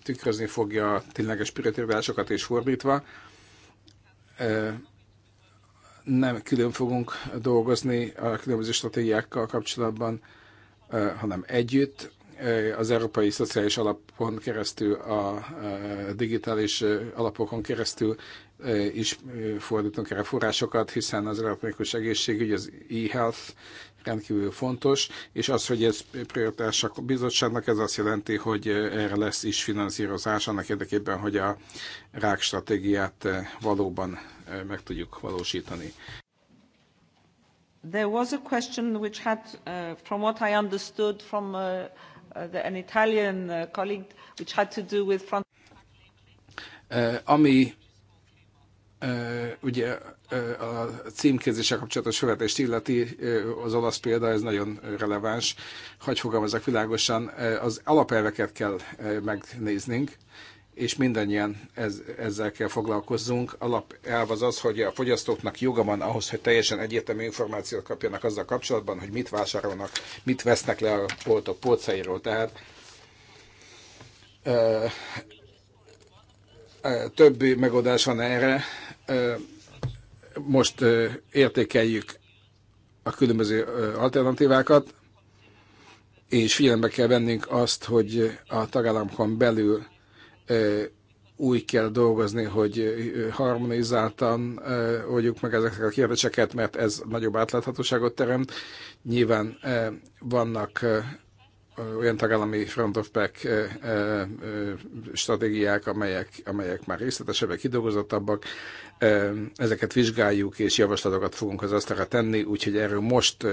tükrözni fogja a tényleges prioritásokat és fordítva. Nem külön fogunk dolgozni a különböző stratégiákkal kapcsolatban, hanem együtt. Az Európai Szociális Alapon keresztül, a digitális alapokon keresztül is fordítunk erre forrásokat, hiszen az elektronikus egészségügy, az e-health rendkívül fontos, és az, hogy ez prioritás a bizottságnak, ez azt jelenti, hogy erre lesz is finanszírozás annak érdekében, hogy a rák stratégiát valóban meg tudjuk valósítani. There was a question which had, uh, from what I understood from uh, uh the, an Italian uh, colleague, which had to do with front... Uh, ami Ugye a címkézéssel kapcsolatos követést illeti az olasz példa, ez nagyon releváns. Hogy fogalmazok világosan, az alapelveket kell megnéznünk, és mindannyian ez, ezzel kell foglalkozzunk. Alapelv az az, hogy a fogyasztóknak joga van ahhoz, hogy teljesen egyértelmű információt kapjanak azzal kapcsolatban, hogy mit vásárolnak, mit vesznek le a boltok polcairól. Tehát több megoldás van erre. Most értékeljük a különböző alternatívákat, és figyelembe kell vennünk azt, hogy a tagállamokon belül úgy kell dolgozni, hogy harmonizáltan oldjuk meg ezeket a kérdéseket, mert ez nagyobb átláthatóságot teremt. Nyilván vannak olyan tagállami front of back stratégiák, amelyek, amelyek már részletesebbek, kidolgozottabbak. Ezeket vizsgáljuk, és javaslatokat fogunk az asztalra tenni, úgyhogy erről most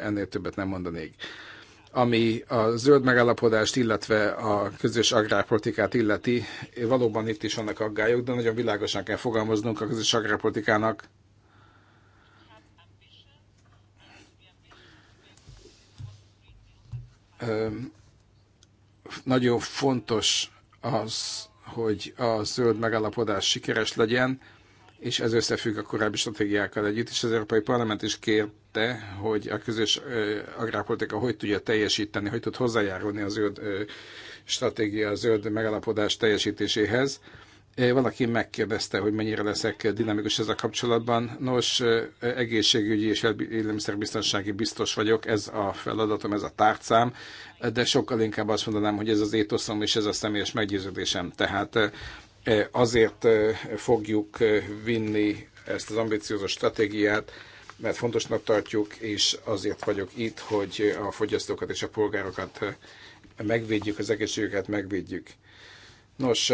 ennél többet nem mondanék. Ami a zöld megállapodást, illetve a közös agrárpolitikát illeti, valóban itt is vannak aggályok, de nagyon világosan kell fogalmaznunk a közös agrárpolitikának nagyon fontos az, hogy a zöld megállapodás sikeres legyen, és ez összefügg a korábbi stratégiákkal együtt, és az Európai Parlament is kérte, hogy a közös agrárpolitika hogy tudja teljesíteni, hogy tud hozzájárulni a zöld stratégia, a zöld megállapodás teljesítéséhez. Eh, Valaki megkérdezte, hogy mennyire leszek dinamikus ez a kapcsolatban. Nos, eh, egészségügyi és élelmiszerbiztonsági biztos vagyok, ez a feladatom, ez a tárcám, de sokkal inkább azt mondanám, hogy ez az étoszom és ez a személyes meggyőződésem. Tehát eh, azért fogjuk vinni ezt az ambiciózus stratégiát, mert fontosnak tartjuk, és azért vagyok itt, hogy a fogyasztókat és a polgárokat megvédjük, az egészségüket megvédjük. Nos,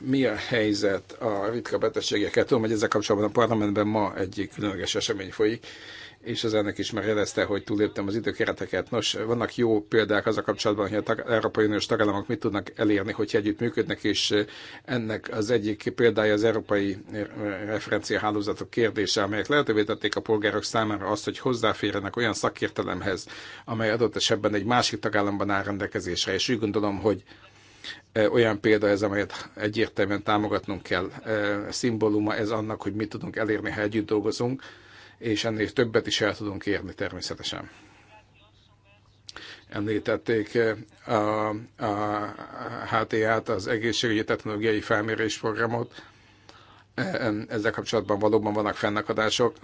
mi a helyzet a ritka betegségekkel? Tudom, hogy ezzel kapcsolatban a parlamentben ma egy különleges esemény folyik, és az ennek is már jelezte, hogy túléptem az időkereteket. Nos, vannak jó példák az a kapcsolatban, hogy a Európai Uniós tagállamok mit tudnak elérni, hogy együtt működnek, és ennek az egyik példája az európai eh, referenciahálózatok kérdése, amelyek lehetővé tették a polgárok számára azt, hogy hozzáférjenek olyan szakértelemhez, amely adott esetben egy másik tagállamban áll rendelkezésre, és úgy gondolom, hogy olyan példa ez, amelyet egyértelműen támogatnunk kell. Szimbóluma ez annak, hogy mit tudunk elérni, ha együtt dolgozunk, és ennél többet is el tudunk érni természetesen említették a, a HTA-t, az egészségügyi technológiai felmérés programot. Ezzel kapcsolatban valóban vannak fennakadások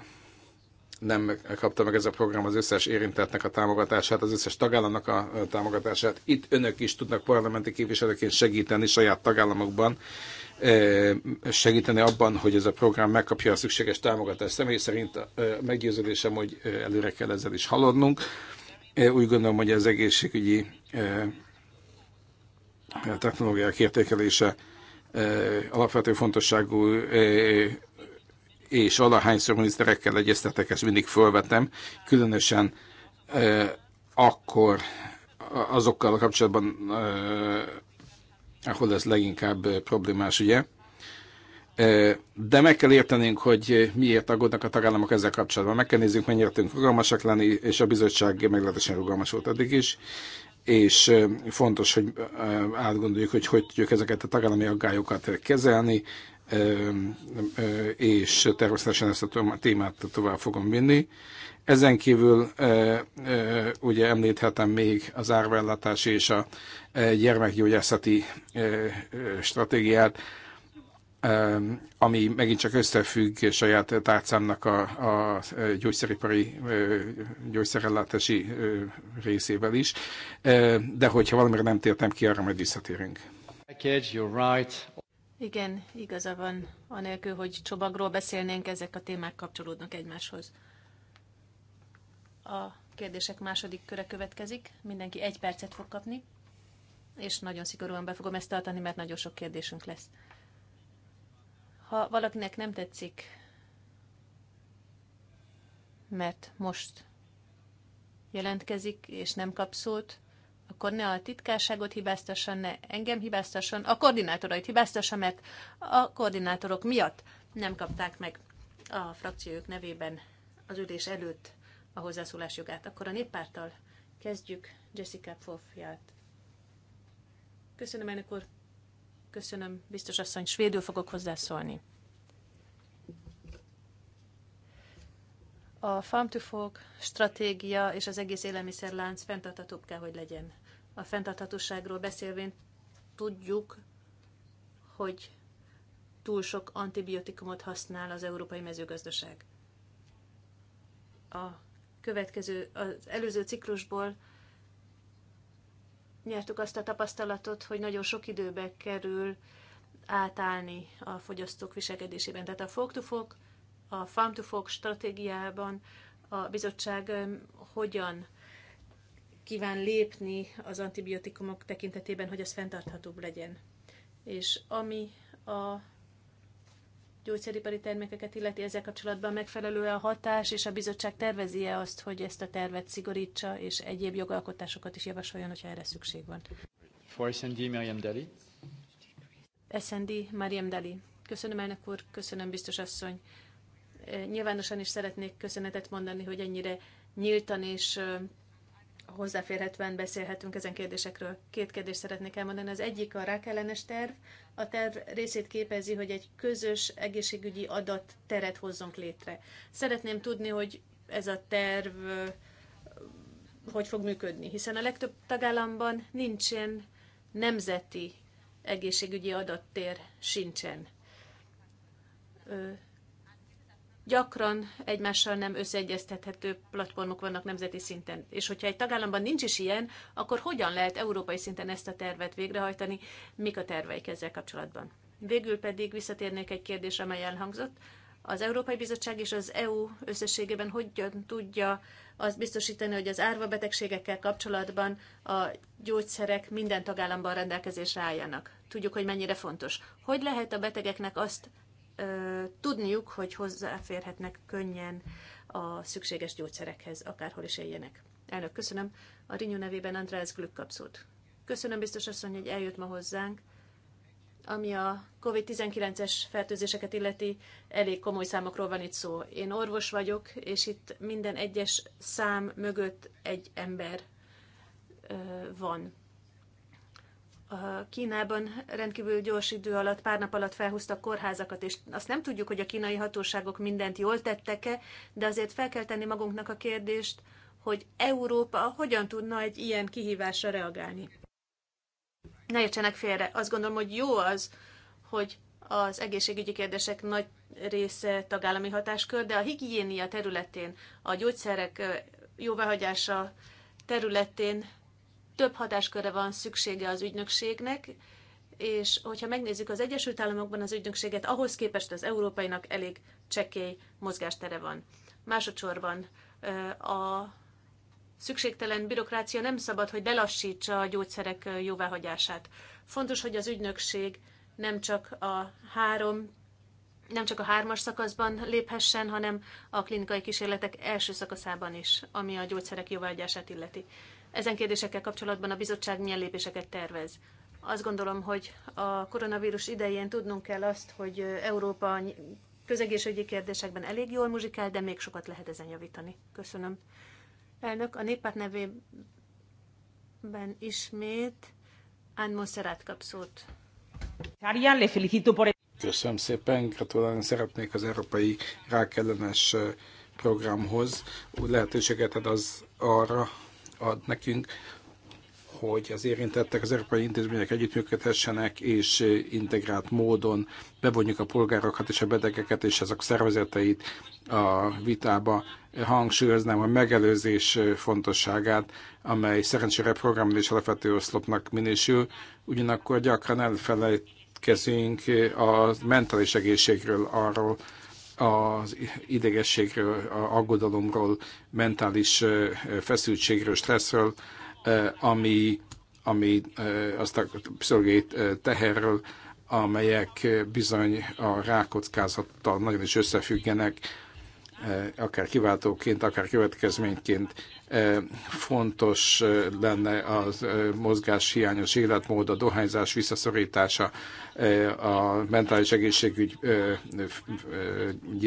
nem kapta meg ez a program az összes érintettnek a támogatását, az összes tagállamnak a támogatását. Itt önök is tudnak parlamenti képviselőként segíteni saját tagállamokban, segíteni abban, hogy ez a program megkapja a szükséges támogatást. Személy szerint meggyőződésem, hogy előre kell ezzel is haladnunk. Úgy gondolom, hogy az egészségügyi technológiák értékelése alapvető fontosságú és valahányszor miniszterekkel egyeztetek, ezt mindig fölvetem, különösen akkor azokkal a kapcsolatban, ahol ez leginkább problémás, ugye? De meg kell értenünk, hogy miért aggódnak a tagállamok ezzel kapcsolatban. Meg kell néznünk, mennyire tudunk rugalmasak lenni, és a bizottság meglehetősen rugalmas volt eddig is. És fontos, hogy átgondoljuk, hogy hogy tudjuk ezeket a tagállami aggályokat kezelni, és természetesen ezt a témát tovább fogom vinni. Ezen kívül ugye említhetem még az árvellátási és a gyermekgyógyászati stratégiát, ami megint csak összefügg saját tárcámnak a, a gyógyszeripari, gyógyszerellátási részével is, de hogyha valamire nem tértem ki, arra majd visszatérünk. Igen, igaza van, anélkül, hogy csomagról beszélnénk, ezek a témák kapcsolódnak egymáshoz. A kérdések második köre következik, mindenki egy percet fog kapni, és nagyon szigorúan be fogom ezt tartani, mert nagyon sok kérdésünk lesz. Ha valakinek nem tetszik, mert most jelentkezik, és nem kap szót, akkor ne a titkárságot hibáztasson, ne engem hibáztasson, a koordinátorait hibáztassa, mert a koordinátorok miatt nem kapták meg a frakciójuk nevében az ülés előtt a hozzászólás jogát. Akkor a néppárttal kezdjük Jessica Pfoffját. Köszönöm, elnök úr. Köszönöm, biztos asszony, svédül fogok hozzászólni. A Farm to Fork stratégia és az egész élelmiszerlánc fenntarthatóbb kell, hogy legyen. A fenntarthatóságról beszélvén tudjuk, hogy túl sok antibiotikumot használ az európai mezőgazdaság. A következő, az előző ciklusból nyertük azt a tapasztalatot, hogy nagyon sok időbe kerül átállni a fogyasztók viselkedésében. Tehát a fog-to-fog a Farm to Fork stratégiában a bizottság hogyan kíván lépni az antibiotikumok tekintetében, hogy ez fenntarthatóbb legyen. És ami a gyógyszeripari termékeket illeti ezzel kapcsolatban megfelelő a hatás, és a bizottság tervezi-e azt, hogy ezt a tervet szigorítsa, és egyéb jogalkotásokat is javasoljon, hogyha erre szükség van. For SND, Mariam Deli. SND, Mariam Deli. Köszönöm, elnök úr, köszönöm, biztos asszony. Nyilvánosan is szeretnék köszönetet mondani, hogy ennyire nyíltan és hozzáférhetően beszélhetünk ezen kérdésekről. Két kérdést szeretnék elmondani. Az egyik a rákellenes terv. A terv részét képezi, hogy egy közös egészségügyi adatteret hozzunk létre. Szeretném tudni, hogy ez a terv hogy fog működni, hiszen a legtöbb tagállamban nincsen nemzeti egészségügyi adattér, sincsen gyakran egymással nem összeegyeztethető platformok vannak nemzeti szinten. És hogyha egy tagállamban nincs is ilyen, akkor hogyan lehet európai szinten ezt a tervet végrehajtani, mik a terveik ezzel kapcsolatban? Végül pedig visszatérnék egy kérdésre, amely elhangzott. Az Európai Bizottság és az EU összességében hogyan tudja azt biztosítani, hogy az árva betegségekkel kapcsolatban a gyógyszerek minden tagállamban rendelkezésre álljanak? Tudjuk, hogy mennyire fontos. Hogy lehet a betegeknek azt tudniuk, hogy hozzáférhetnek könnyen a szükséges gyógyszerekhez, akárhol is éljenek. Elnök, köszönöm. A Rinyó nevében András Glück kapszót. Köszönöm biztos asszony, hogy eljött ma hozzánk. Ami a COVID-19-es fertőzéseket illeti, elég komoly számokról van itt szó. Én orvos vagyok, és itt minden egyes szám mögött egy ember van a Kínában rendkívül gyors idő alatt, pár nap alatt felhúztak kórházakat, és azt nem tudjuk, hogy a kínai hatóságok mindent jól tettek-e, de azért fel kell tenni magunknak a kérdést, hogy Európa hogyan tudna egy ilyen kihívásra reagálni. Ne értsenek félre, azt gondolom, hogy jó az, hogy az egészségügyi kérdések nagy része tagállami hatáskör, de a higiénia területén, a gyógyszerek jóváhagyása területén több hatáskörre van szüksége az ügynökségnek, és hogyha megnézzük az Egyesült Államokban az ügynökséget, ahhoz képest az európainak elég csekély mozgástere van. Másodszorban a szükségtelen bürokrácia nem szabad, hogy belassítsa a gyógyszerek jóváhagyását. Fontos, hogy az ügynökség nem csak a három nem csak a hármas szakaszban léphessen, hanem a klinikai kísérletek első szakaszában is, ami a gyógyszerek jóváhagyását illeti. Ezen kérdésekkel kapcsolatban a bizottság milyen lépéseket tervez? Azt gondolom, hogy a koronavírus idején tudnunk kell azt, hogy Európa közegészségügyi kérdésekben elég jól muzsikál, de még sokat lehet ezen javítani. Köszönöm. Elnök, a néppárt nevében ismét Anne Monserrat kap szót. Köszönöm szépen, gratulálni szeretnék az Európai Rákellenes Programhoz. Úgy lehetőséget ad az arra, ad nekünk, hogy az érintettek az európai intézmények együttműködhessenek, és eh, integrált módon bevonjuk a polgárokat és a betegeket és ezek szervezeteit a vitába. Hangsúlyoznám a megelőzés eh, fontosságát, amely szerencsére programban és alapvető oszlopnak minősül, ugyanakkor gyakran elfelejtkezünk eh, a mentális egészségről, arról, az idegességről, aggodalomról, mentális feszültségről, stresszről, ami, ami azt a pszichológiai teherről, amelyek bizony a rákockázattal nagyon is összefüggenek, Eh, akár kiváltóként, akár következményként eh, fontos eh, lenne az hiányos életmód, a dohányzás visszaszorítása, a mentális egészségügyi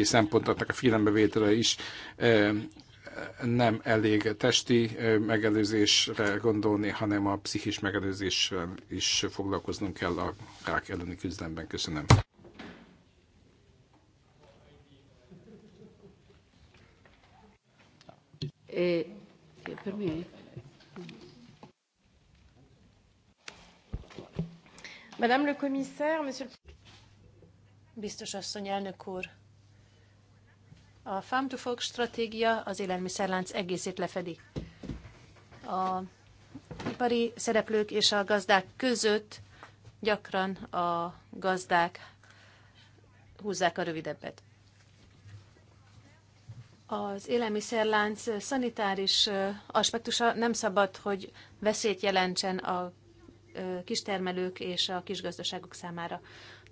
szempontoknak a figyelembevétele is nem elég testi megelőzésre gondolni, hanem a pszichis megelőzéssel is foglalkoznunk kell a rák elleni küzdelemben. Köszönöm. E, per me. Madame le commissaire, monsieur le... Biztos asszony, elnök úr. A Farm to Fork stratégia az élelmiszerlánc egészét lefedi. A ipari szereplők és a gazdák között gyakran a gazdák húzzák a rövidebbet az élelmiszerlánc szanitáris aspektusa nem szabad, hogy veszélyt jelentsen a kistermelők és a kisgazdaságok számára.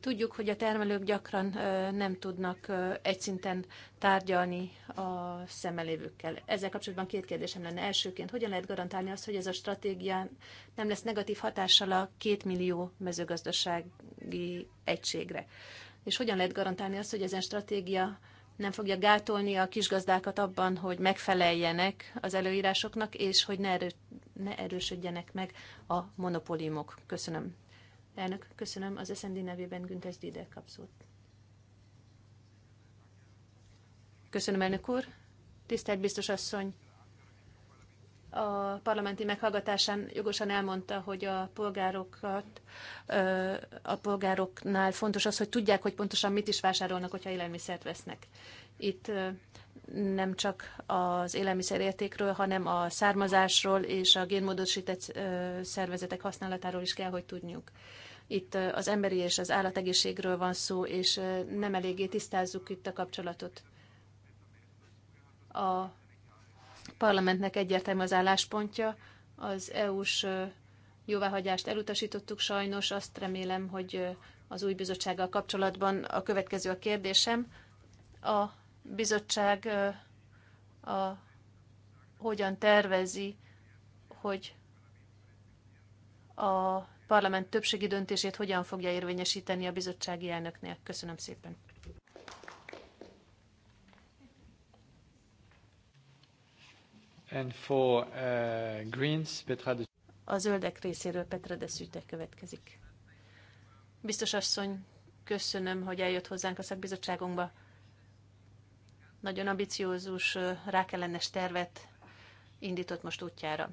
Tudjuk, hogy a termelők gyakran nem tudnak egy szinten tárgyalni a szemelévőkkel. Ezzel kapcsolatban két kérdésem lenne. Elsőként, hogyan lehet garantálni azt, hogy ez a stratégia nem lesz negatív hatással a két millió mezőgazdasági egységre? És hogyan lehet garantálni azt, hogy ezen stratégia nem fogja gátolni a kisgazdákat abban, hogy megfeleljenek az előírásoknak, és hogy ne, erő, ne erősödjenek meg a monopóliumok. Köszönöm. Elnök, köszönöm. Az SND nevében Güntes Dide kapszót. Köszönöm, elnök úr. Tisztelt biztos asszony, a parlamenti meghallgatásán jogosan elmondta, hogy a polgárokat, a polgároknál fontos az, hogy tudják, hogy pontosan mit is vásárolnak, hogyha élelmiszert vesznek. Itt nem csak az élelmiszerértékről, hanem a származásról és a génmódosított szervezetek használatáról is kell, hogy tudjuk. Itt az emberi és az állategészségről van szó, és nem eléggé tisztázzuk itt a kapcsolatot. A parlamentnek egyértelmű az álláspontja, az EU-s jóváhagyást elutasítottuk sajnos, azt remélem, hogy az új bizottsággal kapcsolatban a következő a kérdésem. A bizottság a, a, hogyan tervezi, hogy a parlament többségi döntését hogyan fogja érvényesíteni a bizottsági elnöknél? Köszönöm szépen. And for, uh, Greens, Petra de... A zöldek részéről Petra de Szüte következik. Biztos asszony, köszönöm, hogy eljött hozzánk a szakbizottságunkba. Nagyon ambiciózus rákellenes tervet indított most útjára.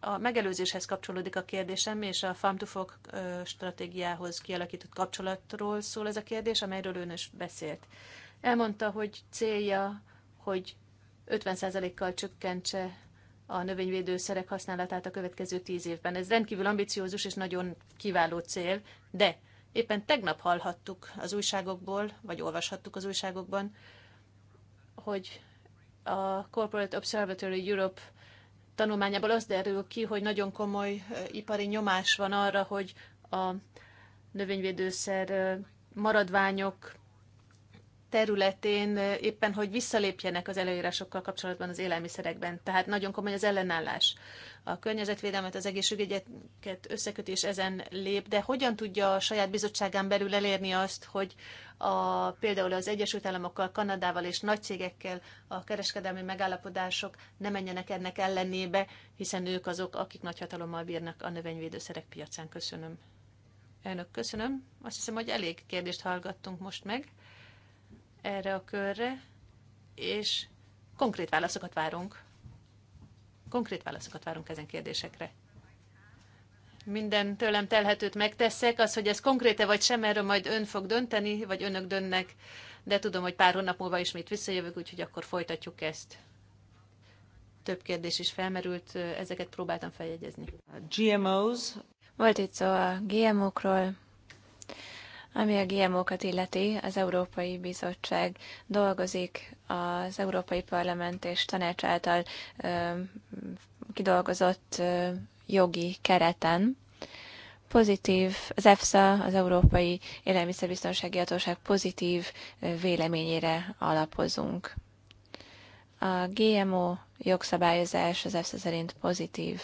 A megelőzéshez kapcsolódik a kérdésem, és a Farm to Fork stratégiához kialakított kapcsolatról szól ez a kérdés, amelyről ön is beszélt. Elmondta, hogy célja, hogy 50%-kal csökkentse a növényvédőszerek használatát a következő tíz évben. Ez rendkívül ambiciózus és nagyon kiváló cél, de éppen tegnap hallhattuk az újságokból, vagy olvashattuk az újságokban, hogy a Corporate Observatory Europe tanulmányából az derül ki, hogy nagyon komoly ipari nyomás van arra, hogy a növényvédőszer maradványok területén éppen, hogy visszalépjenek az előírásokkal kapcsolatban az élelmiszerekben. Tehát nagyon komoly az ellenállás. A környezetvédelmet, az egészségügyeket összekötés ezen lép, de hogyan tudja a saját bizottságán belül elérni azt, hogy a, például az Egyesült Államokkal, Kanadával és nagy cégekkel a kereskedelmi megállapodások ne menjenek ennek ellenébe, hiszen ők azok, akik nagy hatalommal bírnak a növényvédőszerek piacán. Köszönöm. Elnök, köszönöm. Azt hiszem, hogy elég kérdést hallgattunk most meg erre a körre, és konkrét válaszokat várunk. Konkrét válaszokat várunk ezen kérdésekre. Minden tőlem telhetőt megteszek, az, hogy ez konkréte vagy sem, erről majd ön fog dönteni, vagy önök dönnek, de tudom, hogy pár hónap múlva ismét visszajövök, úgyhogy akkor folytatjuk ezt. Több kérdés is felmerült, ezeket próbáltam feljegyezni. GMOs. Volt itt szó a GMO-król, ami a GMO-kat illeti, az Európai Bizottság dolgozik az Európai Parlament és Tanács által ö, kidolgozott ö, jogi kereten. Pozitív, az EFSA, az Európai Élelmiszerbiztonsági Hatóság pozitív véleményére alapozunk. A GMO jogszabályozás az EFSA szerint pozitív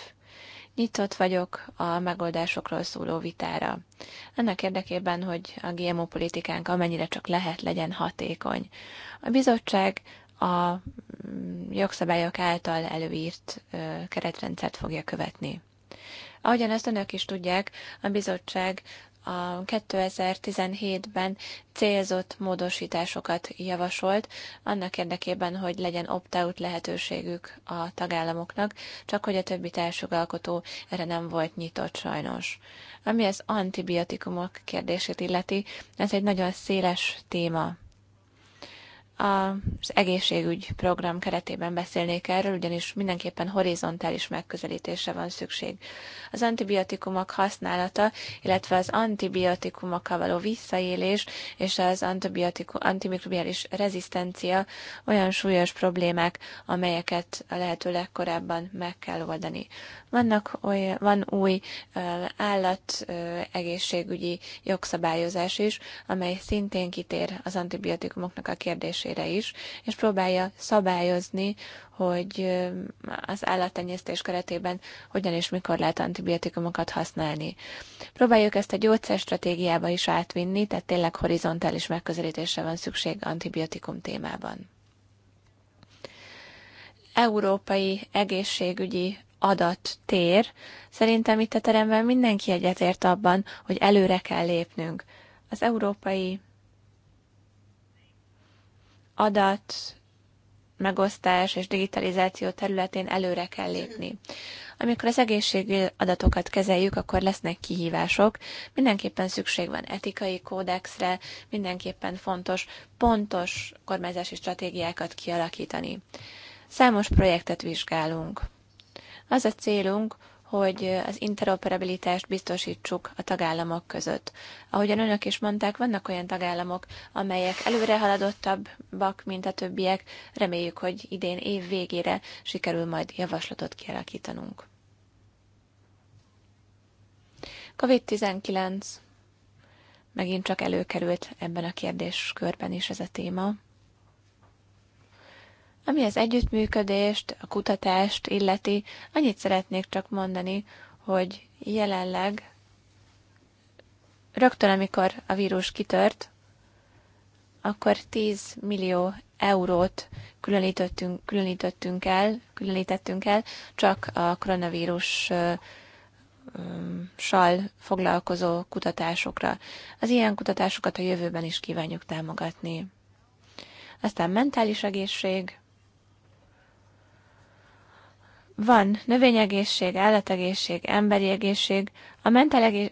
Nyitott vagyok a megoldásokról szóló vitára. Annak érdekében, hogy a GMO politikánk amennyire csak lehet legyen hatékony. A bizottság a mm, jogszabályok által előírt keretrendszert fogja követni. Ahogyan ezt önök is tudják, a bizottság a 2017-ben célzott módosításokat javasolt, annak érdekében, hogy legyen opt-out lehetőségük a tagállamoknak, csak hogy a többi társjogalkotó erre nem volt nyitott sajnos. Ami az antibiotikumok kérdését illeti, ez egy nagyon széles téma az egészségügy program keretében beszélnék erről, ugyanis mindenképpen horizontális megközelítése van szükség. Az antibiotikumok használata, illetve az antibiotikumokkal való visszaélés és az antimikrobiális rezisztencia olyan súlyos problémák, amelyeket a lehető legkorábban meg kell oldani. Vannak oly, van új állat egészségügyi jogszabályozás is, amely szintén kitér az antibiotikumoknak a kérdésére kérdésére is, és próbálja szabályozni, hogy az állattenyésztés keretében hogyan és mikor lehet antibiotikumokat használni. Próbáljuk ezt a gyógyszerstratégiába is átvinni, tehát tényleg horizontális megközelítésre van szükség antibiotikum témában. Európai egészségügyi adat tér Szerintem itt a teremben mindenki egyetért abban, hogy előre kell lépnünk. Az európai adat, megosztás és digitalizáció területén előre kell lépni. Amikor az egészségügyi adatokat kezeljük, akkor lesznek kihívások. Mindenképpen szükség van etikai kódexre, mindenképpen fontos pontos kormányzási stratégiákat kialakítani. Számos projektet vizsgálunk. Az a célunk, hogy az interoperabilitást biztosítsuk a tagállamok között. Ahogyan önök is mondták, vannak olyan tagállamok, amelyek előre haladottabbak, mint a többiek. Reméljük, hogy idén év végére sikerül majd javaslatot kialakítanunk. COVID-19 megint csak előkerült ebben a kérdéskörben is ez a téma. Ami az együttműködést, a kutatást illeti, annyit szeretnék csak mondani, hogy jelenleg rögtön, amikor a vírus kitört, akkor 10 millió eurót különítettünk, különítettünk el, különítettünk el csak a koronavírus sal foglalkozó kutatásokra. Az ilyen kutatásokat a jövőben is kívánjuk támogatni. Aztán mentális egészség, van növényegészség, állategészség, emberi egészség, a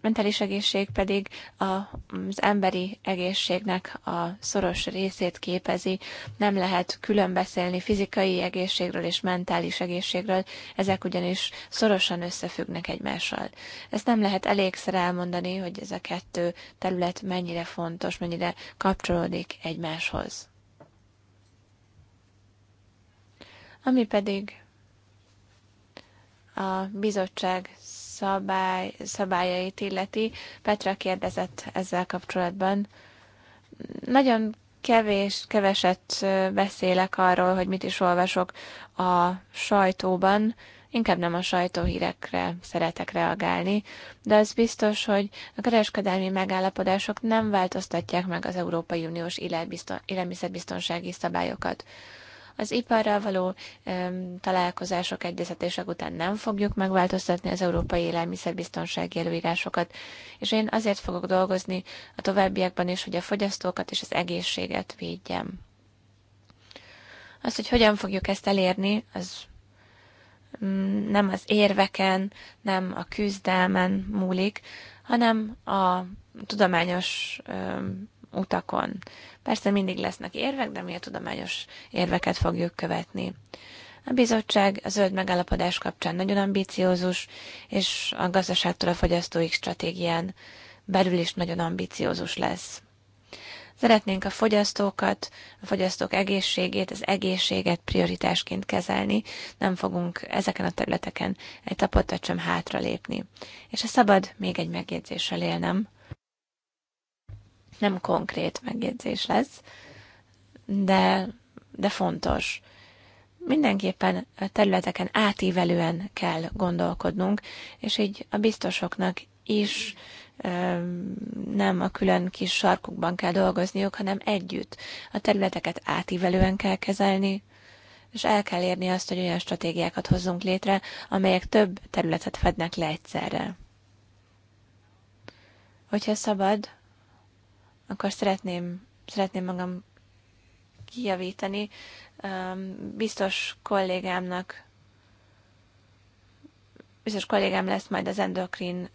mentális egészség pedig az emberi egészségnek a szoros részét képezi. Nem lehet külön beszélni fizikai egészségről és mentális egészségről, ezek ugyanis szorosan összefüggnek egymással. Ezt nem lehet elégszer elmondani, hogy ez a kettő terület mennyire fontos, mennyire kapcsolódik egymáshoz. Ami pedig a bizottság szabály, szabályait illeti, Petra kérdezett ezzel kapcsolatban. Nagyon kevés, keveset beszélek arról, hogy mit is olvasok a sajtóban, inkább nem a sajtóhírekre szeretek reagálni, de az biztos, hogy a kereskedelmi megállapodások nem változtatják meg az Európai Uniós élelmiszerbiztonsági szabályokat. Az iparral való találkozások, egyeztetések után nem fogjuk megváltoztatni az európai élelmiszerbiztonsági előírásokat, és én azért fogok dolgozni a továbbiakban is, hogy a fogyasztókat és az egészséget védjem. Azt, hogy hogyan fogjuk ezt elérni, az mm, nem az érveken, nem a küzdelmen múlik, hanem a tudományos utakon. Persze mindig lesznek érvek, de mi a tudományos érveket fogjuk követni. A bizottság a zöld megállapodás kapcsán nagyon ambiciózus, és a gazdaságtól a fogyasztóik stratégián belül is nagyon ambiciózus lesz. Szeretnénk a fogyasztókat, a fogyasztók egészségét, az egészséget prioritásként kezelni, nem fogunk ezeken a területeken egy tapottat sem hátralépni. És a szabad még egy megjegyzéssel élnem nem konkrét megjegyzés lesz, de, de fontos. Mindenképpen a területeken átívelően kell gondolkodnunk, és így a biztosoknak is nem a külön kis sarkukban kell dolgozniuk, hanem együtt. A területeket átívelően kell kezelni, és el kell érni azt, hogy olyan stratégiákat hozzunk létre, amelyek több területet fednek le egyszerre. Hogyha szabad, akkor szeretném, szeretném magam kijavítani. Biztos kollégámnak biztos kollégám lesz majd az endokrin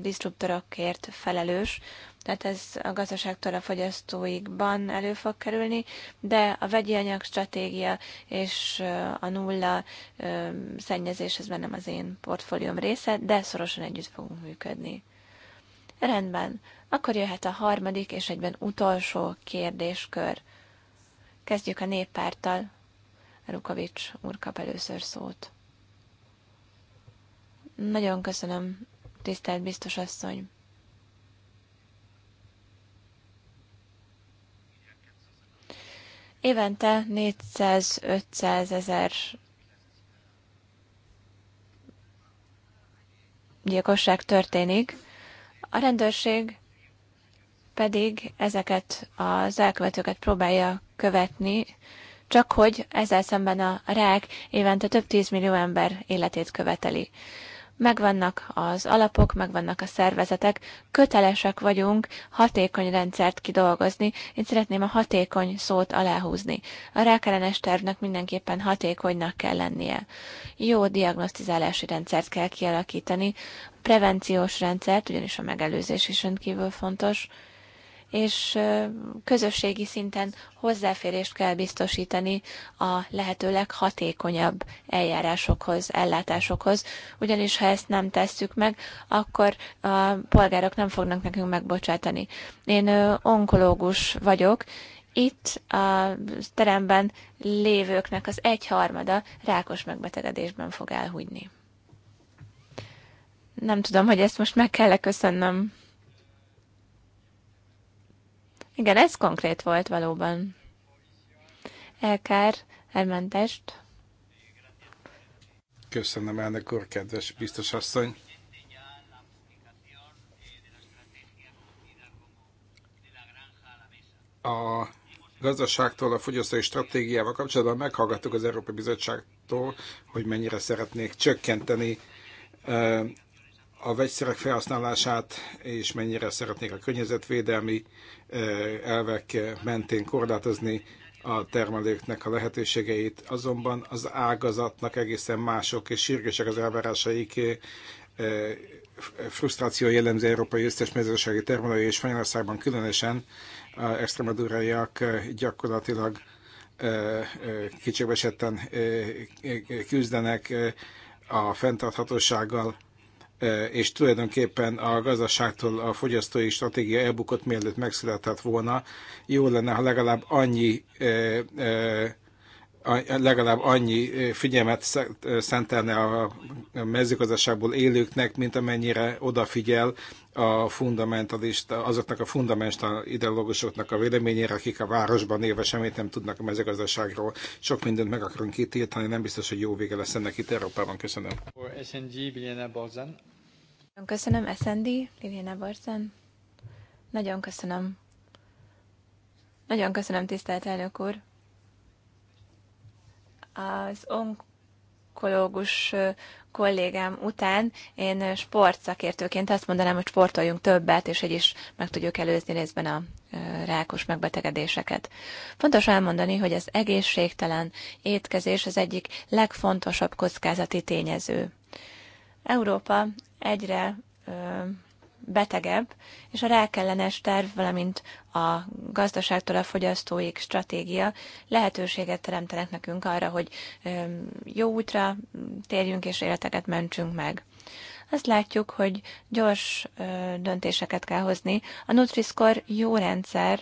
disruptorokért felelős, tehát ez a gazdaságtól a fogyasztóikban elő fog kerülni, de a vegyi anyag stratégia és a nulla szennyezés, ez nem az én portfólióm része, de szorosan együtt fogunk működni. Rendben, akkor jöhet a harmadik és egyben utolsó kérdéskör. Kezdjük a néppárttal. Rukovics úr kap először szót. Nagyon köszönöm, tisztelt biztos asszony. Évente 400-500 ezer gyilkosság történik, a rendőrség pedig ezeket az elkövetőket próbálja követni, csak hogy ezzel szemben a rák évente több tízmillió ember életét követeli. Megvannak az alapok, megvannak a szervezetek, kötelesek vagyunk hatékony rendszert kidolgozni. Én szeretném a hatékony szót aláhúzni. A rákellenes tervnek mindenképpen hatékonynak kell lennie. Jó diagnosztizálási rendszert kell kialakítani, prevenciós rendszert, ugyanis a megelőzés is rendkívül fontos, és közösségi szinten hozzáférést kell biztosítani a lehető leghatékonyabb eljárásokhoz, ellátásokhoz, ugyanis ha ezt nem tesszük meg, akkor a polgárok nem fognak nekünk megbocsátani. Én onkológus vagyok, itt a teremben lévőknek az egyharmada rákos megbetegedésben fog elhúgyni. Nem tudom, hogy ezt most meg kell-e köszönnöm. Igen, ez konkrét volt valóban. Elkár, elmentest. Köszönöm, elnök úr, kedves biztos asszony. A gazdaságtól a fogyasztói stratégiával kapcsolatban meghallgattuk az Európai Bizottságtól, hogy mennyire szeretnék csökkenteni a vegyszerek felhasználását, és mennyire szeretnék a környezetvédelmi eh, elvek mentén korlátozni a termelőknek a lehetőségeit. Azonban az ágazatnak egészen mások és sürgősek az elvárásaik eh, frusztráció jellemző európai összes mezőségi termelői, és Spanyolországban különösen a extremaduraiak eh, gyakorlatilag kétségbeesetten küzdenek a fenntarthatósággal, és tulajdonképpen a gazdaságtól a fogyasztói stratégia elbukott, mielőtt megszületett volna. Jó lenne, ha legalább annyi legalább annyi figyelmet szentelne a mezőgazdaságból élőknek, mint amennyire odafigyel a fundamentalista, azoknak a fundamentalista ideológusoknak a véleményére, akik a városban élve semmit nem tudnak a mezőgazdaságról. Sok mindent meg akarunk kitiltani, nem biztos, hogy jó vége lesz ennek itt Európában. Köszönöm. Nagyon köszönöm, SND, Liliana Borzen. Nagyon köszönöm. Nagyon köszönöm, tisztelt elnök úr. Az onkológus kollégám után én sportszakértőként azt mondanám, hogy sportoljunk többet, és egy is meg tudjuk előzni részben a rákos megbetegedéseket. Fontos elmondani, hogy az egészségtelen étkezés az egyik legfontosabb kockázati tényező. Európa egyre betegebb, és a rákellenes terv, valamint a gazdaságtól a fogyasztóig stratégia lehetőséget teremtenek nekünk arra, hogy jó útra térjünk és életeket mentsünk meg. Azt látjuk, hogy gyors döntéseket kell hozni. A Nutriscore jó rendszer,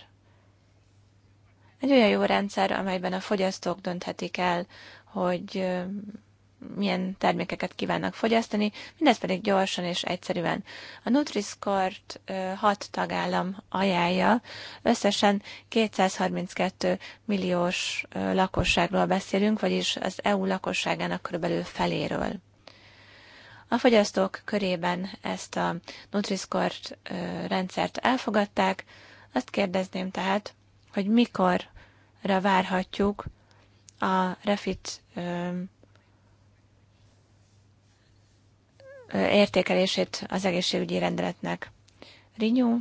egy olyan jó rendszer, amelyben a fogyasztók dönthetik el, hogy milyen termékeket kívánnak fogyasztani, mindez pedig gyorsan és egyszerűen. A Nutriscore hat t 6 tagállam ajánlja, összesen 232 milliós lakosságról beszélünk, vagyis az EU lakosságának körülbelül feléről. A fogyasztók körében ezt a Nutriscore rendszert elfogadták, azt kérdezném tehát, hogy mikorra várhatjuk a Refit értékelését az egészségügyi rendeletnek. Rinyó,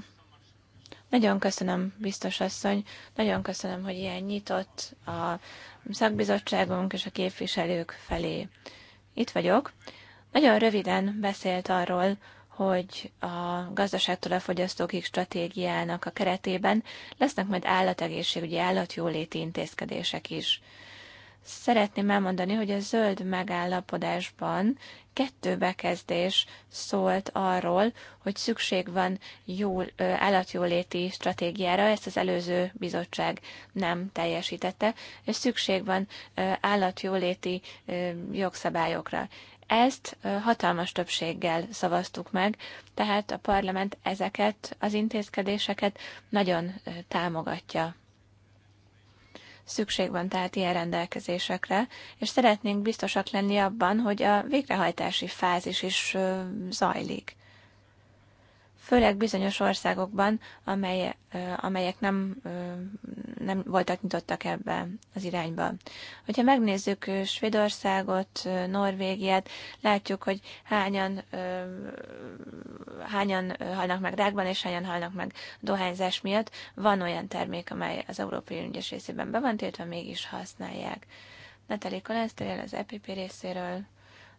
nagyon köszönöm, biztos asszony, nagyon köszönöm, hogy ilyen nyitott a szakbizottságunk és a képviselők felé. Itt vagyok. Nagyon röviden beszélt arról, hogy a gazdaságtól a fogyasztókig stratégiának a keretében lesznek majd állategészségügyi, állatjóléti intézkedések is. Szeretném elmondani, hogy a zöld megállapodásban kettő bekezdés szólt arról, hogy szükség van jól, állatjóléti stratégiára, ezt az előző bizottság nem teljesítette, és szükség van állatjóléti jogszabályokra. Ezt hatalmas többséggel szavaztuk meg, tehát a parlament ezeket az intézkedéseket nagyon támogatja. Szükség van tehát ilyen rendelkezésekre, és szeretnénk biztosak lenni abban, hogy a végrehajtási fázis is zajlik főleg bizonyos országokban, amely, amelyek nem, nem voltak nyitottak ebbe az irányba. Hogyha megnézzük Svédországot, Norvégiát, látjuk, hogy hányan, hányan halnak meg rákban, és hányan halnak meg dohányzás miatt. Van olyan termék, amely az Európai Ügyes részében be van tiltva, mégis használják. Natalie Kolenszterel az EPP részéről.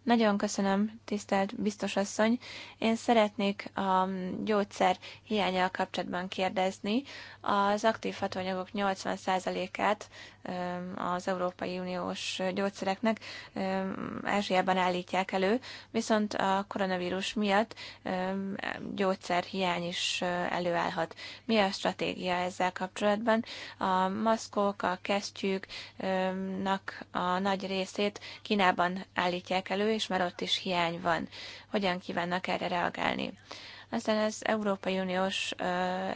Nagyon köszönöm, tisztelt biztos asszony. Én szeretnék a gyógyszer hiányával kapcsolatban kérdezni. Az aktív hatóanyagok 80%-át az Európai Uniós gyógyszereknek Ázsiában állítják elő, viszont a koronavírus miatt hiány is előállhat. Mi a stratégia ezzel kapcsolatban? A maszkok, a kesztyűknak a nagy részét Kínában állítják elő, és már ott is hiány van. Hogyan kívánnak erre reagálni? aztán az Európai Uniós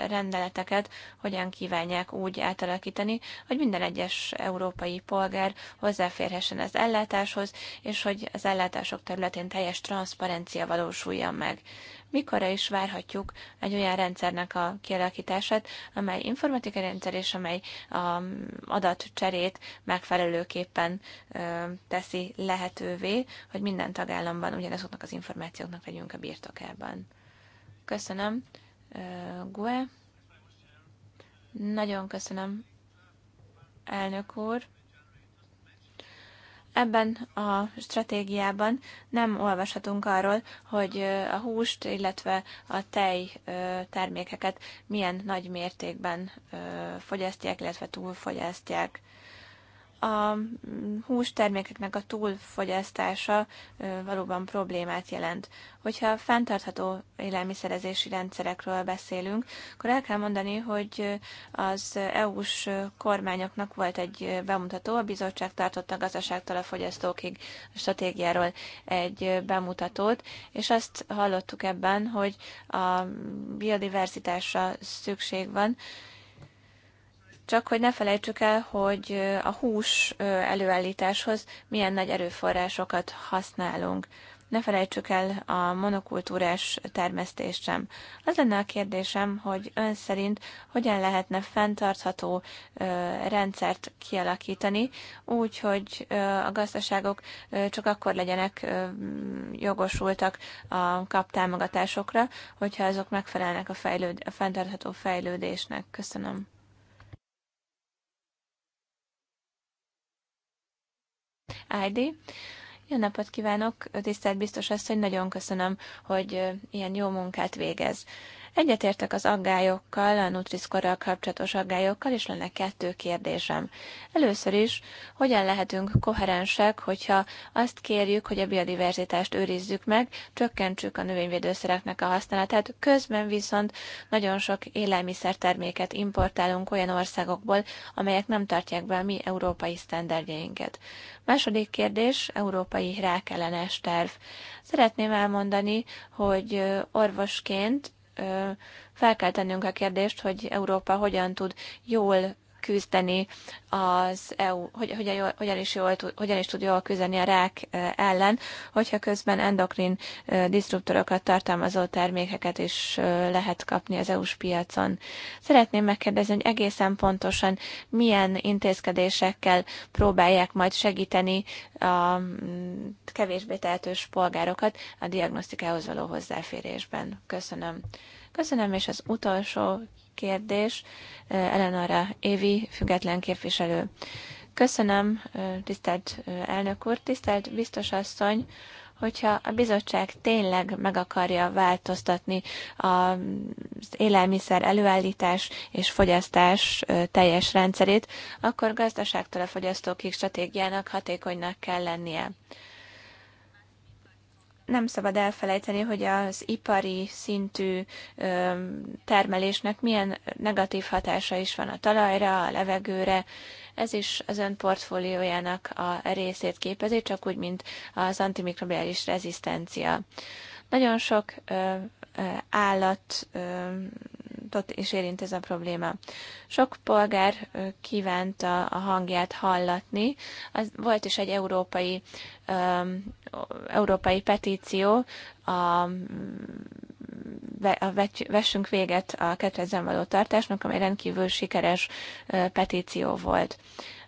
rendeleteket hogyan kívánják úgy átalakítani, hogy minden egyes európai polgár hozzáférhessen az ellátáshoz, és hogy az ellátások területén teljes transzparencia valósuljon meg. Mikorra is várhatjuk egy olyan rendszernek a kialakítását, amely informatikai rendszer és amely a um, adatcserét megfelelőképpen teszi lehetővé, hogy minden tagállamban ugyanazoknak az információknak legyünk a birtokában. Köszönöm. Gue. Nagyon köszönöm, elnök úr. Ebben a stratégiában nem olvashatunk arról, hogy a húst, illetve a tej termékeket milyen nagy mértékben fogyasztják, illetve túlfogyasztják a hústermékeknek a túlfogyasztása valóban problémát jelent. Hogyha fenntartható élelmiszerezési rendszerekről beszélünk, akkor el kell mondani, hogy az EU-s kormányoknak volt egy bemutató, a bizottság tartotta a gazdaságtól a fogyasztókig a stratégiáról egy bemutatót, és azt hallottuk ebben, hogy a biodiverzitásra szükség van, csak hogy ne felejtsük el, hogy a hús előállításhoz milyen nagy erőforrásokat használunk. Ne felejtsük el a monokultúrás termesztést sem. Az lenne a kérdésem, hogy ön szerint hogyan lehetne fenntartható ö, rendszert kialakítani, úgy, hogy ö, a gazdaságok ö, csak akkor legyenek ö, jogosultak a kap támogatásokra, hogyha azok megfelelnek a, fejlőd, a fenntartható fejlődésnek. Köszönöm. ID. Jó napot kívánok, tisztelt biztos asszony, nagyon köszönöm, hogy ilyen jó munkát végez. Egyetértek az aggályokkal, a Nutriszkorral kapcsolatos aggályokkal, és lenne kettő kérdésem. Először is, hogyan lehetünk koherensek, hogyha azt kérjük, hogy a biodiverzitást őrizzük meg, csökkentsük a növényvédőszereknek a használatát, közben viszont nagyon sok élelmiszerterméket importálunk olyan országokból, amelyek nem tartják be a mi európai sztenderdjeinket. Második kérdés, európai rákellenes terv. Szeretném elmondani, hogy orvosként fel kell tennünk a kérdést, hogy Európa hogyan tud jól küzdeni az EU, hogy, hogyan, hogyan, is jól, hogyan is tud jól küzdeni a rák e, ellen, hogyha közben endokrin e, disruptorokat tartalmazó termékeket is e, lehet kapni az EU-s piacon. Szeretném megkérdezni, hogy egészen pontosan milyen intézkedésekkel próbálják majd segíteni a kevésbé tehetős polgárokat a diagnosztikához való hozzáférésben. Köszönöm. Köszönöm, és az utolsó kérdés. Eleonora Évi, független képviselő. Köszönöm, tisztelt elnök úr, tisztelt biztos asszony, hogyha a bizottság tényleg meg akarja változtatni az élelmiszer előállítás és fogyasztás teljes rendszerét, akkor gazdaságtól a fogyasztókig stratégiának hatékonynak kell lennie nem szabad elfelejteni, hogy az ipari szintű termelésnek milyen negatív hatása is van a talajra, a levegőre. Ez is az ön portfóliójának a részét képezi, csak úgy, mint az antimikrobiális rezisztencia. Nagyon sok állat tartott, és érint ez a probléma. Sok polgár kívánta a hangját hallatni. Az, volt is egy európai, um, európai petíció a a vessünk véget a kedvezzen való tartásnak, amely rendkívül sikeres petíció volt.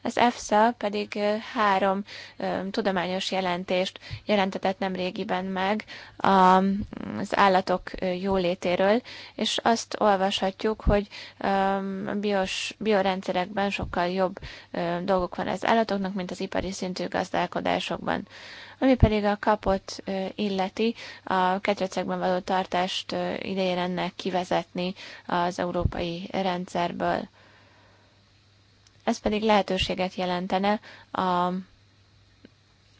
Az EFSA pedig három tudományos jelentést jelentetett nem régiben meg az állatok jólétéről, és azt olvashatjuk, hogy a bios, biorendszerekben sokkal jobb dolgok van az állatoknak, mint az ipari szintű gazdálkodásokban ami pedig a kapot illeti, a ketrecekben való tartást ideje lenne kivezetni az európai rendszerből. Ez pedig lehetőséget jelentene a,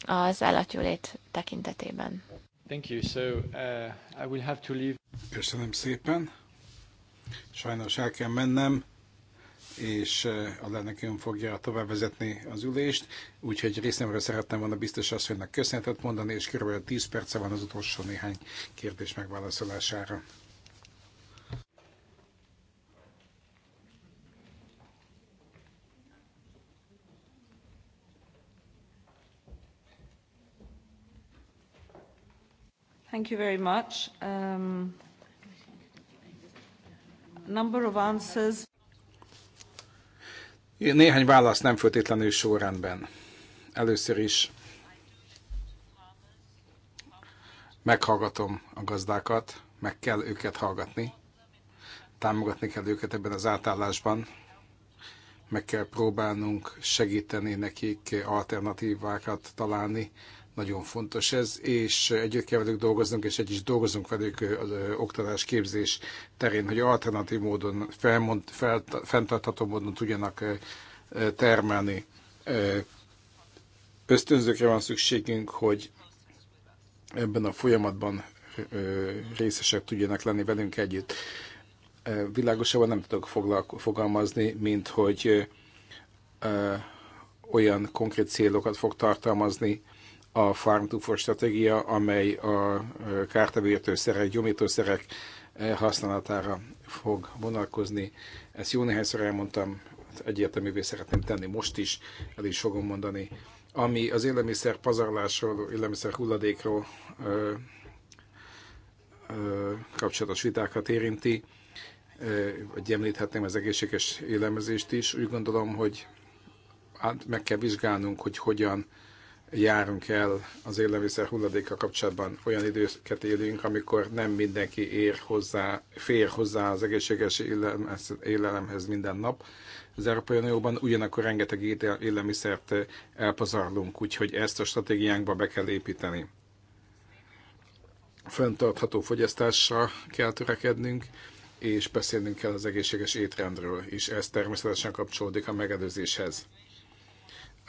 az állatjólét tekintetében. Thank you. So, uh, I will have to leave. Köszönöm szépen. Sajnos el kell mennem, és uh, a ön fogja tovább vezetni az ülést, úgyhogy részemről szerettem volna biztos asszonynak köszönetet mondani, és körülbelül 10 perce van az utolsó néhány kérdés megválaszolására. Thank you very much. Um, number of answers. Néhány válasz nem föltétlenül sorrendben. Először is meghallgatom a gazdákat, meg kell őket hallgatni, támogatni kell őket ebben az átállásban, meg kell próbálnunk segíteni nekik alternatívákat találni, nagyon fontos ez, és együtt kell velük dolgoznunk, és egy is dolgozunk velük az oktatás képzés terén, hogy alternatív módon, felmond, fel, fenntartható módon tudjanak termelni. Ösztönzőkre van szükségünk, hogy ebben a folyamatban részesek tudjanak lenni velünk együtt. Világosabban nem tudok fogalmazni, mint hogy olyan konkrét célokat fog tartalmazni, a Farm to Fork stratégia, amely a kártevértőszerek, gyomítószerek használatára fog vonatkozni. Ezt jó néhányszor elmondtam, egyértelművé szeretném tenni most is, el is fogom mondani. Ami az élelmiszer pazarlásról, élelmiszer hulladékról ö, ö, kapcsolatos vitákat érinti, ö, vagy említhetném az egészséges élelmezést is, úgy gondolom, hogy át, meg kell vizsgálnunk, hogy hogyan járunk el az élelmiszer hulladéka kapcsolatban. Olyan időket élünk, amikor nem mindenki ér hozzá, fér hozzá az egészséges élelemhez, minden nap. Az Európai Unióban ugyanakkor rengeteg élelmiszert eh, elpazarlunk, úgyhogy ezt a stratégiánkba be kell építeni. Föntartható fogyasztásra kell törekednünk, és beszélnünk kell az egészséges étrendről, és ez természetesen kapcsolódik a megelőzéshez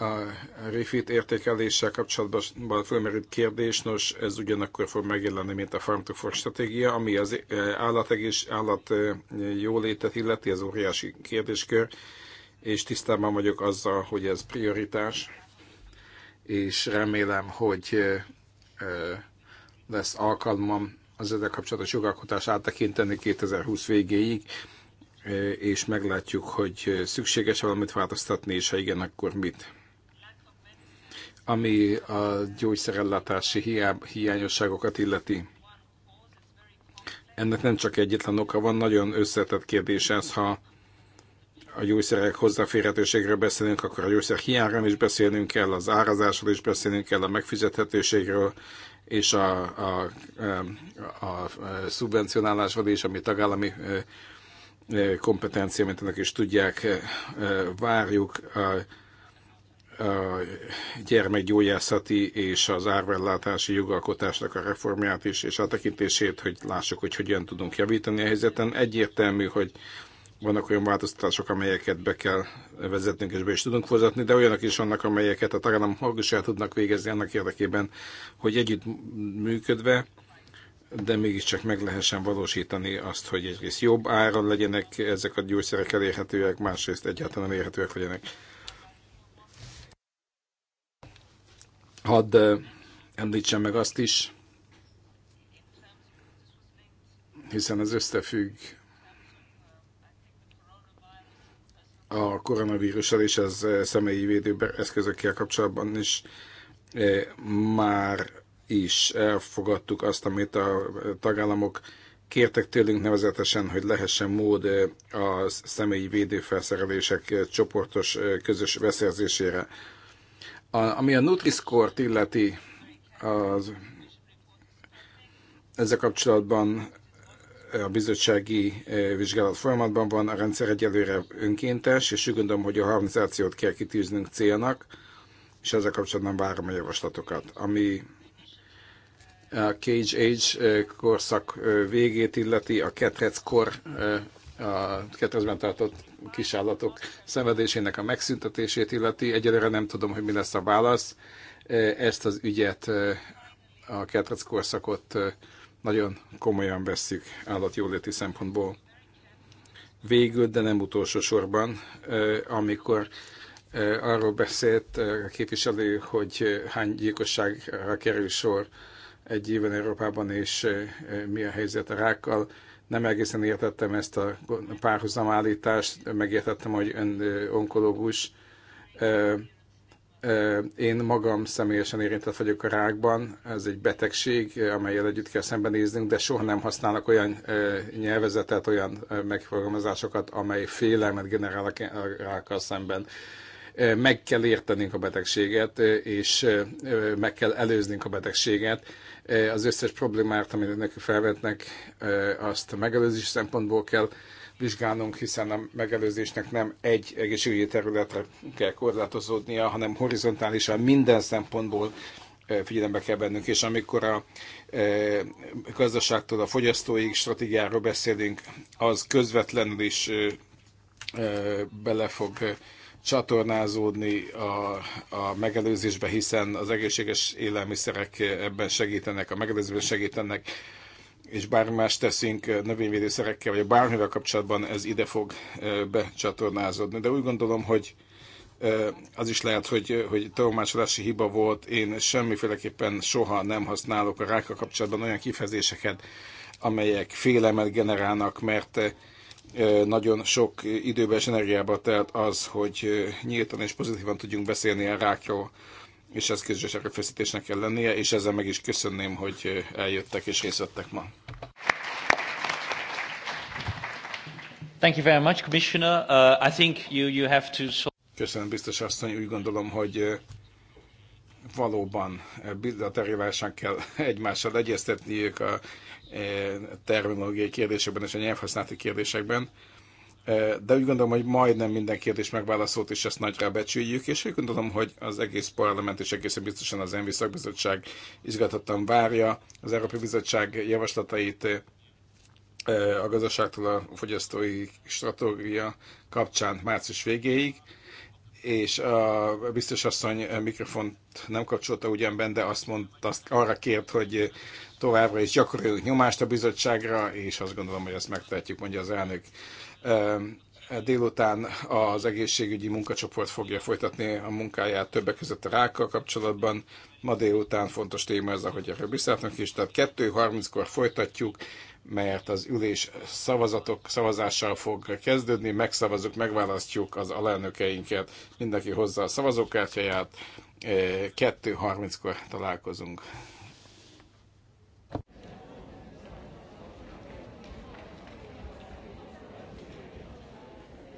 a refit értékeléssel kapcsolatban fölmerült kérdés, nos, ez ugyanakkor fog megjelenni, mint a Farm to Fork stratégia, ami az eh, állategés állat eh, jólétet illeti, ez óriási kérdéskör, és tisztában vagyok azzal, hogy ez prioritás, és remélem, hogy eh, lesz alkalmam az ezzel kapcsolatos jogalkotás áttekinteni 2020 végéig, és meglátjuk, hogy szükséges valamit változtatni, és ha igen, akkor mit ami a gyógyszerellátási hiá, hiányosságokat illeti. Ennek nem csak egyetlen oka van, nagyon összetett kérdés ez, ha a gyógyszerek hozzáférhetőségről beszélünk, akkor a gyógyszer hiányról is beszélnünk kell, az árazásról is beszélnünk kell, a megfizethetőségről és a, a, a, a szubvencionálásról is, ami tagállami kompetencia, mint ennek is tudják, várjuk a a gyermekgyógyászati és az árvellátási jogalkotásnak a reformját is, és a tekintését, hogy lássuk, hogy hogyan tudunk javítani a helyzeten. Egyértelmű, hogy vannak olyan változtatások, amelyeket be kell vezetnünk, és be is tudunk hozatni, de olyanok is vannak, amelyeket a tagállam is el tudnak végezni annak érdekében, hogy együtt működve, de mégiscsak meg lehessen valósítani azt, hogy egyrészt jobb áron legyenek ezek a gyógyszerek elérhetőek, másrészt egyáltalán elérhetőek legyenek Hadd említsem meg azt is, hiszen ez összefügg a koronavírussal és az személyi védő eszközökkel kapcsolatban is már is elfogadtuk azt, amit a tagállamok kértek tőlünk nevezetesen, hogy lehessen mód a személyi védőfelszerelések csoportos közös beszerzésére. A, ami a nutri score illeti, az, ezzel kapcsolatban a bizottsági vizsgálat folyamatban van, a rendszer egyelőre önkéntes, és úgy gondolom, hogy a harmonizációt kell kitűznünk célnak, és ezzel kapcsolatban várom a javaslatokat. Ami a Cage Age korszak végét illeti, a Ketrec kor a ketrezben tartott kisállatok szenvedésének a megszüntetését illeti. Egyelőre nem tudom, hogy mi lesz a válasz. E, ezt az ügyet, e, a ketrec korszakot e, nagyon komolyan vesszük állatjóléti szempontból. Végül, de nem utolsó sorban, amikor arról beszélt a képviselő, hogy hány gyilkosságra kerül sor egy évben Európában, és mi a helyzet a rákkal, nem egészen értettem ezt a párhuzamállítást, megértettem, hogy ön onkológus. Én magam személyesen érintett vagyok a rákban, ez egy betegség, amelyel együtt kell szembenéznünk, de soha nem használnak olyan nyelvezetet, olyan megfogalmazásokat, amely félelmet generál a rákkal szemben. Meg kell értenünk a betegséget, és meg kell előznünk a betegséget, E, az összes problémát, amit neki felvetnek, e, azt a megelőzés szempontból kell vizsgálnunk, hiszen a megelőzésnek nem egy egészségügyi területre kell korlátozódnia, hanem horizontálisan minden szempontból e, figyelembe kell bennünk, és amikor a gazdaságtól a fogyasztóig stratégiáról beszélünk, az közvetlenül is bele fog csatornázódni a, a megelőzésbe, hiszen az egészséges élelmiszerek ebben segítenek, a megelőzésben segítenek, és bármi más teszünk eh, növényvédőszerekkel, vagy bármivel kapcsolatban ez ide fog eh, becsatornázódni. De úgy gondolom, hogy eh, az is lehet, hogy, hogy tolmácsolási hiba volt. Én semmiféleképpen soha nem használok a rákkal kapcsolatban olyan kifejezéseket, amelyek félelmet generálnak, mert nagyon sok időbe és energiába telt az, hogy nyíltan és pozitívan tudjunk beszélni a rákról, és ez közös erőfeszítésnek kell lennie, és ezzel meg is köszönném, hogy eljöttek és részt vettek ma. Thank you very much, Commissioner. Uh, I think you, you have to... Köszönöm, biztos asszony. Úgy gondolom, hogy valóban bilaterálisan kell egymással egyeztetniük a E, terminológiai kérdésekben és a nyelvhasználati kérdésekben. E, de úgy gondolom, hogy majdnem minden kérdés megválaszolt, és ezt nagyra becsüljük, és úgy gondolom, hogy az egész parlament és egészen biztosan az ENVI szakbizottság izgatottan várja az Európai Bizottság javaslatait e, a gazdaságtól a fogyasztói stratégia kapcsán március végéig és a biztos asszony mikrofont nem kapcsolta ugyanben, de azt mondta, azt arra kért, hogy továbbra is gyakoroljuk nyomást a bizottságra, és azt gondolom, hogy ezt megtehetjük, mondja az elnök. Ehm, délután az egészségügyi munkacsoport fogja folytatni a munkáját többek között a rákkal kapcsolatban. Ma délután fontos téma ez, ahogy erről beszéltünk is, tehát 2.30-kor folytatjuk mert az ülés szavazatok szavazással fog kezdődni, megszavazunk, megválasztjuk az alelnökeinket, mindenki hozza a szavazókártyáját, 2.30-kor találkozunk.